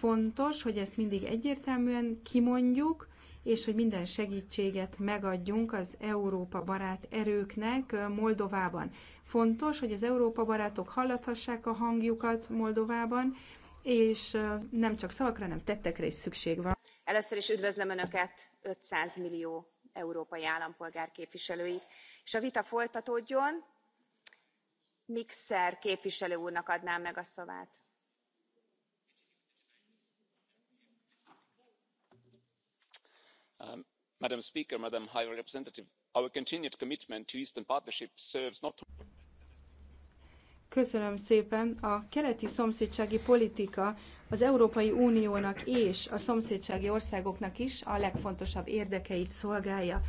Fontos, hogy ezt mindig egyértelműen kimondjuk, és hogy minden segítséget megadjunk az Európa barát erőknek Moldovában. Fontos, hogy az Európa barátok hallathassák a hangjukat Moldovában, és nem csak szavakra, hanem tettekre is szükség van. Először is üdvözlöm Önöket, 500 millió európai állampolgár képviselőit, és a vita folytatódjon. Mixer képviselő úrnak adnám meg a szavát. Um, madam president madam high representative our continued commitment to the eastern partnership serves not. köszönöm szépen a keleti szomszédsági politika az európai uniónak és a szomszédsági országoknak is a legfontosabb érdekeit szolgálja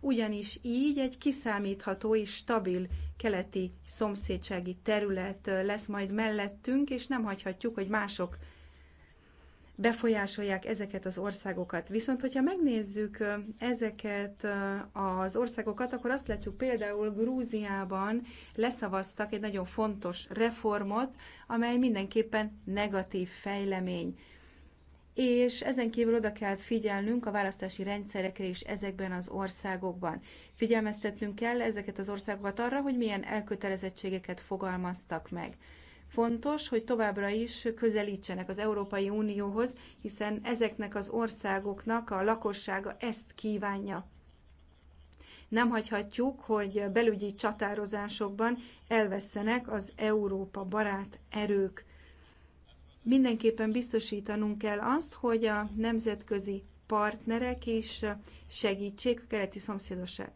ugyanis így egy kiszámítható és stabil keleti szomszédsági terület lesz majd mellettünk és nem hagyhatjuk hogy mások befolyásolják ezeket az országokat. Viszont, hogyha megnézzük ezeket az országokat, akkor azt látjuk például Grúziában leszavaztak egy nagyon fontos reformot, amely mindenképpen negatív fejlemény. És ezen kívül oda kell figyelnünk a választási rendszerekre is ezekben az országokban. Figyelmeztetnünk kell ezeket az országokat arra, hogy milyen elkötelezettségeket fogalmaztak meg. Fontos, hogy továbbra is közelítsenek az Európai Unióhoz, hiszen ezeknek az országoknak a lakossága ezt kívánja. Nem hagyhatjuk, hogy belügyi csatározásokban elvesztenek az Európa barát erők. Mindenképpen biztosítanunk kell azt, hogy a nemzetközi partnerek is segítsék a keleti,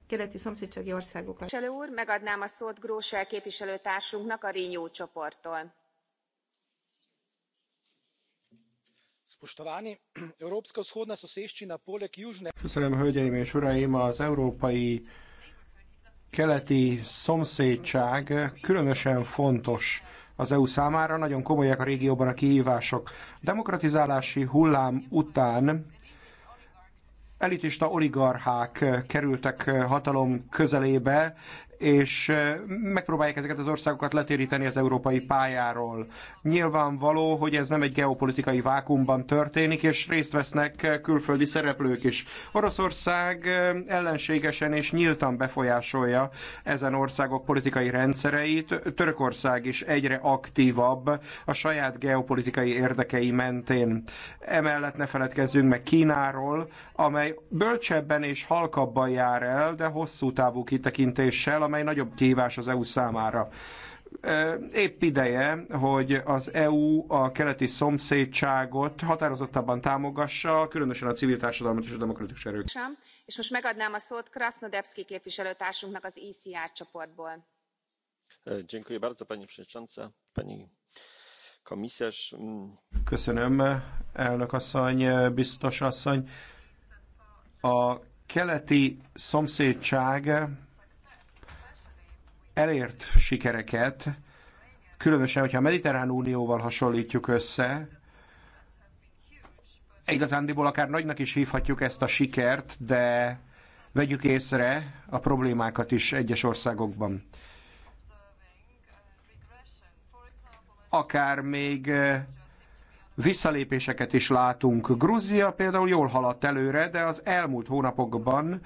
keleti szomszédsági országokat. Képviselő úr, megadnám a szót Grósel képviselőtársunknak a Rényó csoporttól. Köszönöm, hölgyeim és uraim, az európai keleti szomszédság különösen fontos az EU számára, nagyon komolyak a régióban a kihívások. Demokratizálási hullám után elitista oligarchák kerültek hatalom közelébe, és megpróbálják ezeket az országokat letéríteni az európai pályáról. Nyilvánvaló, hogy ez nem egy geopolitikai vákumban történik, és részt vesznek külföldi szereplők is. Oroszország ellenségesen és nyíltan befolyásolja ezen országok politikai rendszereit. Törökország is egyre aktívabb a saját geopolitikai érdekei mentén. Emellett ne feledkezzünk meg Kínáról, amely bölcsebben és halkabban jár el, de hosszú távú kitekintéssel, amely nagyobb kihívás az EU számára. Épp ideje, hogy az EU a keleti szomszédságot határozottabban támogassa, különösen a civil társadalmat és a demokratikus erők. És most megadnám a szót Krasnodebski képviselőtársunknak az ECR csoportból. Mm. Köszönöm, elnök asszony, biztos asszony. A keleti szomszédság elért sikereket, különösen, hogyha a Mediterrán Unióval hasonlítjuk össze, igazándiból akár nagynak is hívhatjuk ezt a sikert, de vegyük észre a problémákat is egyes országokban. Akár még visszalépéseket is látunk. Grúzia például jól haladt előre, de az elmúlt hónapokban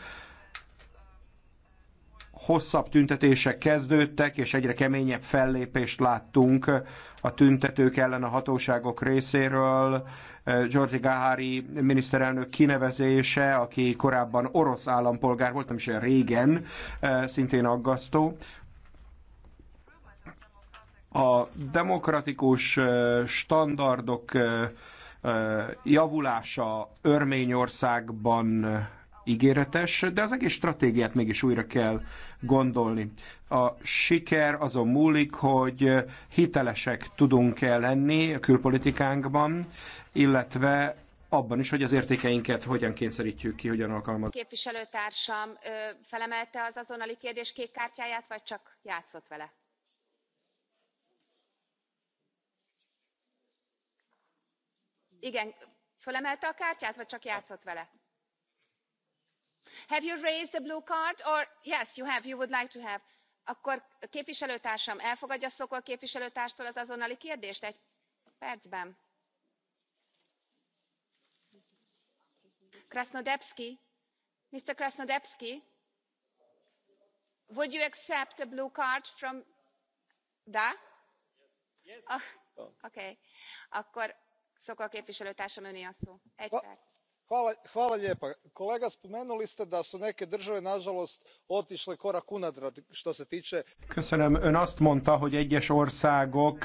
hosszabb tüntetések kezdődtek, és egyre keményebb fellépést láttunk a tüntetők ellen a hatóságok részéről. Giorgi Gahari miniszterelnök kinevezése, aki korábban orosz állampolgár volt, nem is olyan régen, szintén aggasztó. A demokratikus standardok javulása Örményországban ígéretes, de az egész stratégiát mégis újra kell gondolni. A siker azon múlik, hogy hitelesek tudunk-e lenni a külpolitikánkban, illetve abban is, hogy az értékeinket hogyan kényszerítjük ki, hogyan alkalmazunk. Képviselőtársam felemelte az azonnali kérdés kék kártyáját, vagy csak játszott vele? Igen, felemelte a kártyát, vagy csak játszott vele? have you raised a blue card or yes you have you would like to have akkor képviselőtársam elfogadja sokol képviselőtárstól az azonnali kérdést egy percben? krasnodbski mr krasnodbski would you accept a blue card from da? Ah, okay akkor sokol képviselőtársam öné a szó egy perc potovana predsjedavajua kolega spomenuli ste da su neke drave naalost otile korak unatrag to se tiče. köszönöm ön azt mondta hogy egyes országok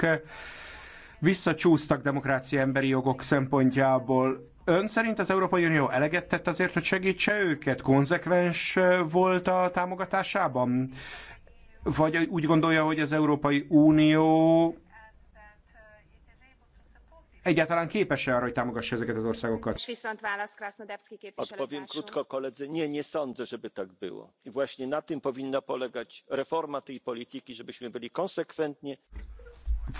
visszacsúsztak demokrácia emberi jogok szempontjából. Ön szerint az Európai Unió eleget tett azért, hogy segítse őket? Konzekvens volt a támogatásában? Vagy úgy gondolja, hogy az Európai Unió egyáltalán képes -e arra, hogy támogassa ezeket az országokat? És viszont válasz Krasnodebski Odpowiem krótko koledze, nie, nie sądzę, żeby tak było. I właśnie na tym powinna polegać reforma tej polityki, żebyśmy byli konsekwentnie